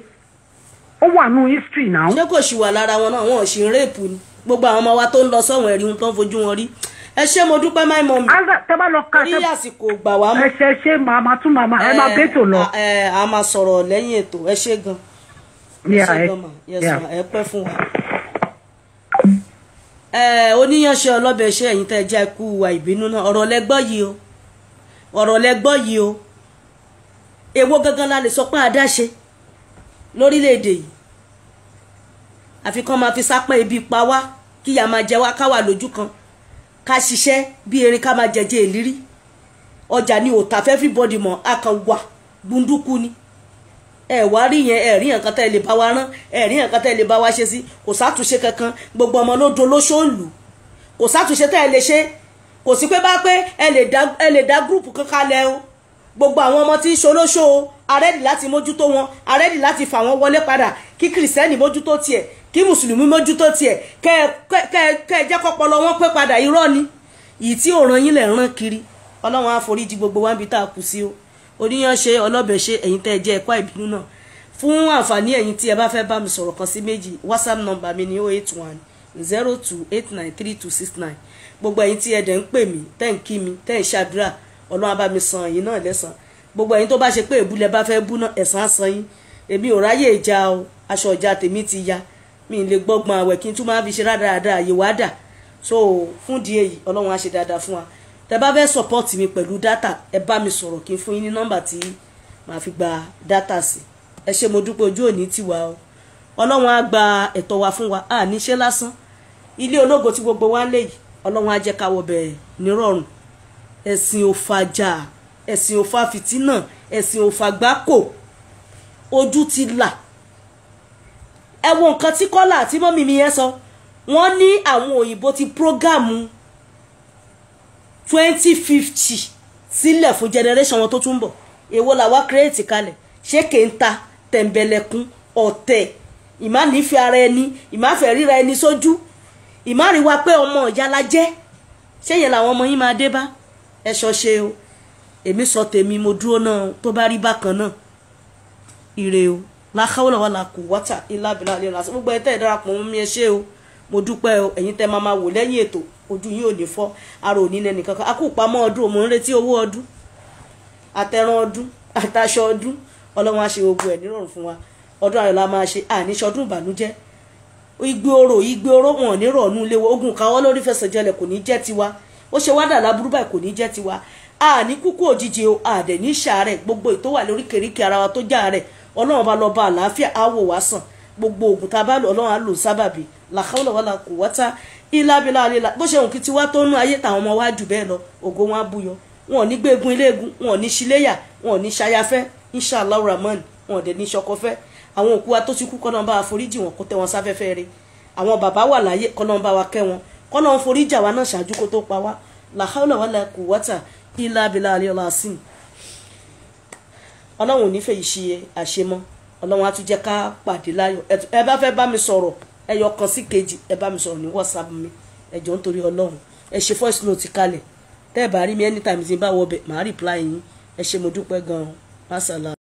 ó wà nù history náà. ṣé kò ṣì wà lára wọn náà wọn ò ṣì ń rape ni gbogbo àwọn ọmọ wa tó ń lọ sọ́wọ́n ẹ̀rí wọn tó ń fojú wọn rí ẹ ṣé mo dúpẹ́ máì mọ́ mi orí àsìkò gbà wá mọ́. ẹ ṣe ṣe màmá tún màmá ẹ máa bẹ́tò eh, lọ. ẹ eh, a máa sọ̀rọ̀ lẹ́yìn ètò ẹ ṣé gan. ẹ ṣé gan ma ẹ pẹ́ fún wa. Eh, oníyanṣẹ́ ọlọ́bẹ̀ ṣe ẹ̀yin tẹ́ ẹ jẹ́ ikú wa ìbínú náà ọ̀rọ̀ lẹ́gbọ́ yìí o ọ̀rọ̀ lẹ́gbọ́ yìí o èwo gangan la lè sọ pé adáṣe lórílẹ̀‐èdè yìí àfi kán máa fi ibi pa wá kíyà máa jẹ wá káwà lójú kan ká ṣiṣẹ́ bí erin ká máa jẹjẹ ìlérí ọjà ni òòtà fẹ́ everybody mọ̀ a kan wà gbunduku ni ẹ wá rí yẹn ẹ rí nǹkan tẹ́ lè bá wa rán ẹ rí nǹkan tẹ́ lè bá wa ṣe sí kò sátúnṣe kankan gbogbo ọmọ ló do lóṣòòlù kò sátúnṣe tẹ́ ẹ lè ṣe kò sí pé bá pé ẹ lè dá gúrùpù kan kalẹ̀ o gbogbo àwọn ọmọ tí ń ṣolóṣó arẹ́dì láti mójútó wọn arẹ́dì láti fà wọ́n wọlé padà kí kìrìsẹ́nì mójútó tiẹ̀ kí mùsùlùmí mójútó tiẹ̀ kẹ́ ẹ jẹ́ kọ́pọ̀lọ́ wọn pé padà irọ́ ni yìí tí òòràn yín lẹ̀ rán kiri ọlọ́run àforíjì gbogbo wa níbi tá a kù sí o oníyàn ṣe ọlọ́bẹ̀ ṣe ẹ̀yin tẹ́ ẹ jẹ́ ẹ̀kọ́ ìbínú náà fún àǹfààní ẹ̀yin tí ẹ bá fẹ́ bá mi sọ̀rọ̀ kan sí méjì whatsapp number mi ni 081 02893269 gbogbo ẹ̀yin tí ẹ dẹ̀ ń pè mí tẹ́ ń kí mi tẹ́ ń ṣàdúrà ọlọ́run á bá mi san ẹ̀yin náà lẹ́san gbogbo ẹ̀yin tó bá ṣe pé èbúlẹ̀ bá fẹ́ bú náà ẹ̀san á san yín èmi ò ráyè ìjà o aṣọ ìjà tèmi ti ya mi lè gbọ́gbọ́n àwẹ̀ kí n tún máa fi ṣe rádaràda àyèwádà so fún di èyí ọlọ́run á ṣe dáadáa fún wa tẹ bá fẹ́ support mi pẹ̀lú data ẹ bá mi sọ̀rọ̀ kí n fún yín ní nọ́mbà tí màá fi gba data sí ẹ ṣe mo dúpẹ́ ojú òní tiwa o ọlọ́run á gba ẹ̀tọ́ wa fún wa à níṣẹ́ lásán ilé ológo tí gbogbo wa ń lè yìí ọlọ́run á jẹ́ ká wọ bẹ̀ nírọ̀rùn ẹ̀sìn òfàjà ẹ̀sìn òfàfìtínà ẹ̀sìn òfàgbákò ojú ti là ẹ wo nǹkan tí kọ́là àti mọ́mí mi yẹn sọ wọ́n ní àwọn òyìnbó ti prógáàmù twenty fifty sílẹ̀ fún generation wọn tó tún bọ̀ èwo làwa kírètì kalẹ̀ ṣé kéńtà tẹ̀m̀bẹ̀lẹ̀kún ọ̀tẹ̀ ìmá nífẹ̀ẹ́ ara ẹni ìmá fẹ́ ríra ẹni sójú ìmá rí pé ọmọ ìyá la jẹ́ ṣé yẹn làwọn ọmọ yín máa dé bá ẹ ṣọṣe o èmi sọ tèmi mo dúró náà tó bá rí bákan náà ire o lákàwọ́lá wà lákò wátà ilábìlà lè lásán gbogbo ẹtẹ́ ìdárapọ̀ mú mi ẹ ṣé o mo dúpẹ́ o ẹ̀yin tẹ́ máa máa wò lẹ́yìn ètò ojú yín ò ní fọ́ ara ò ní nẹ nìkan kan akú pamọ́ ọdún òmò ń retí owó ọdún àtẹran ọdún àtàṣọ ọdún ọlọ́run á ṣe gbogbo ẹ̀ nírọ̀rùn fún wa ọdún ayọ̀ la máa ṣe àníṣọdún ìbànújẹ́ igbe oró igbe oró wọn ní rọ̀ọ̀nù ilé wa ogun káwọ́ lórí fẹsẹ̀jẹlẹ̀ kò kò ní ọlọ́run bá lọ bá àlàáfíà á wò wá sàn gbogbo oògùn tá a bá lò ọlọ́run á lò sábàbí làkàwọn lọ́wọ́ la kò wọ́tá ìlàbílà àlelà bó ṣe òǹkí tiwa tó nú ayé táwọn ọmọ wa jù bẹ́ẹ̀ lọ ògo wọn á búyọ wọn ò ní gbégun iléegun wọn ò ní ṣiléyà wọn ò ní ṣayafẹ́ inshallah rahman wọn ò dẹ̀ ní ṣọkọfẹ́ àwọn òkú wa tó ti kú kọ́nà bá wa foríjì wọn kó tẹ́ wọn sáfẹ́fẹ́ re àwọn bàbá wà láyé kọ́nà bá wa kẹ́ wọn kọ́nà foríjì àwa náà ṣáájú kó tó pa wá làkàwọn lọ́wọ́ la kò wọ́tá ìlàbílà àlelà sí i ọlọ́run ò ní fèyí ṣe àṣemọ́ ọlọ́run á tún jẹ́ ká pàdé láyọ̀ ẹ bá fẹ́ bá mi sọ̀rọ̀ ẹ yọ kan sí kejì ẹ bá mi sọ̀rọ̀ ní whatsapp mi ẹ jọ̀ọ́ nítorí ọlọ́run ẹ ṣe voice note kalẹ̀ tẹ́ ẹ bá rí mi anytime tí n bá wọ bẹ̀ màá reply yín ẹ ṣe mo dúpẹ́ gan-an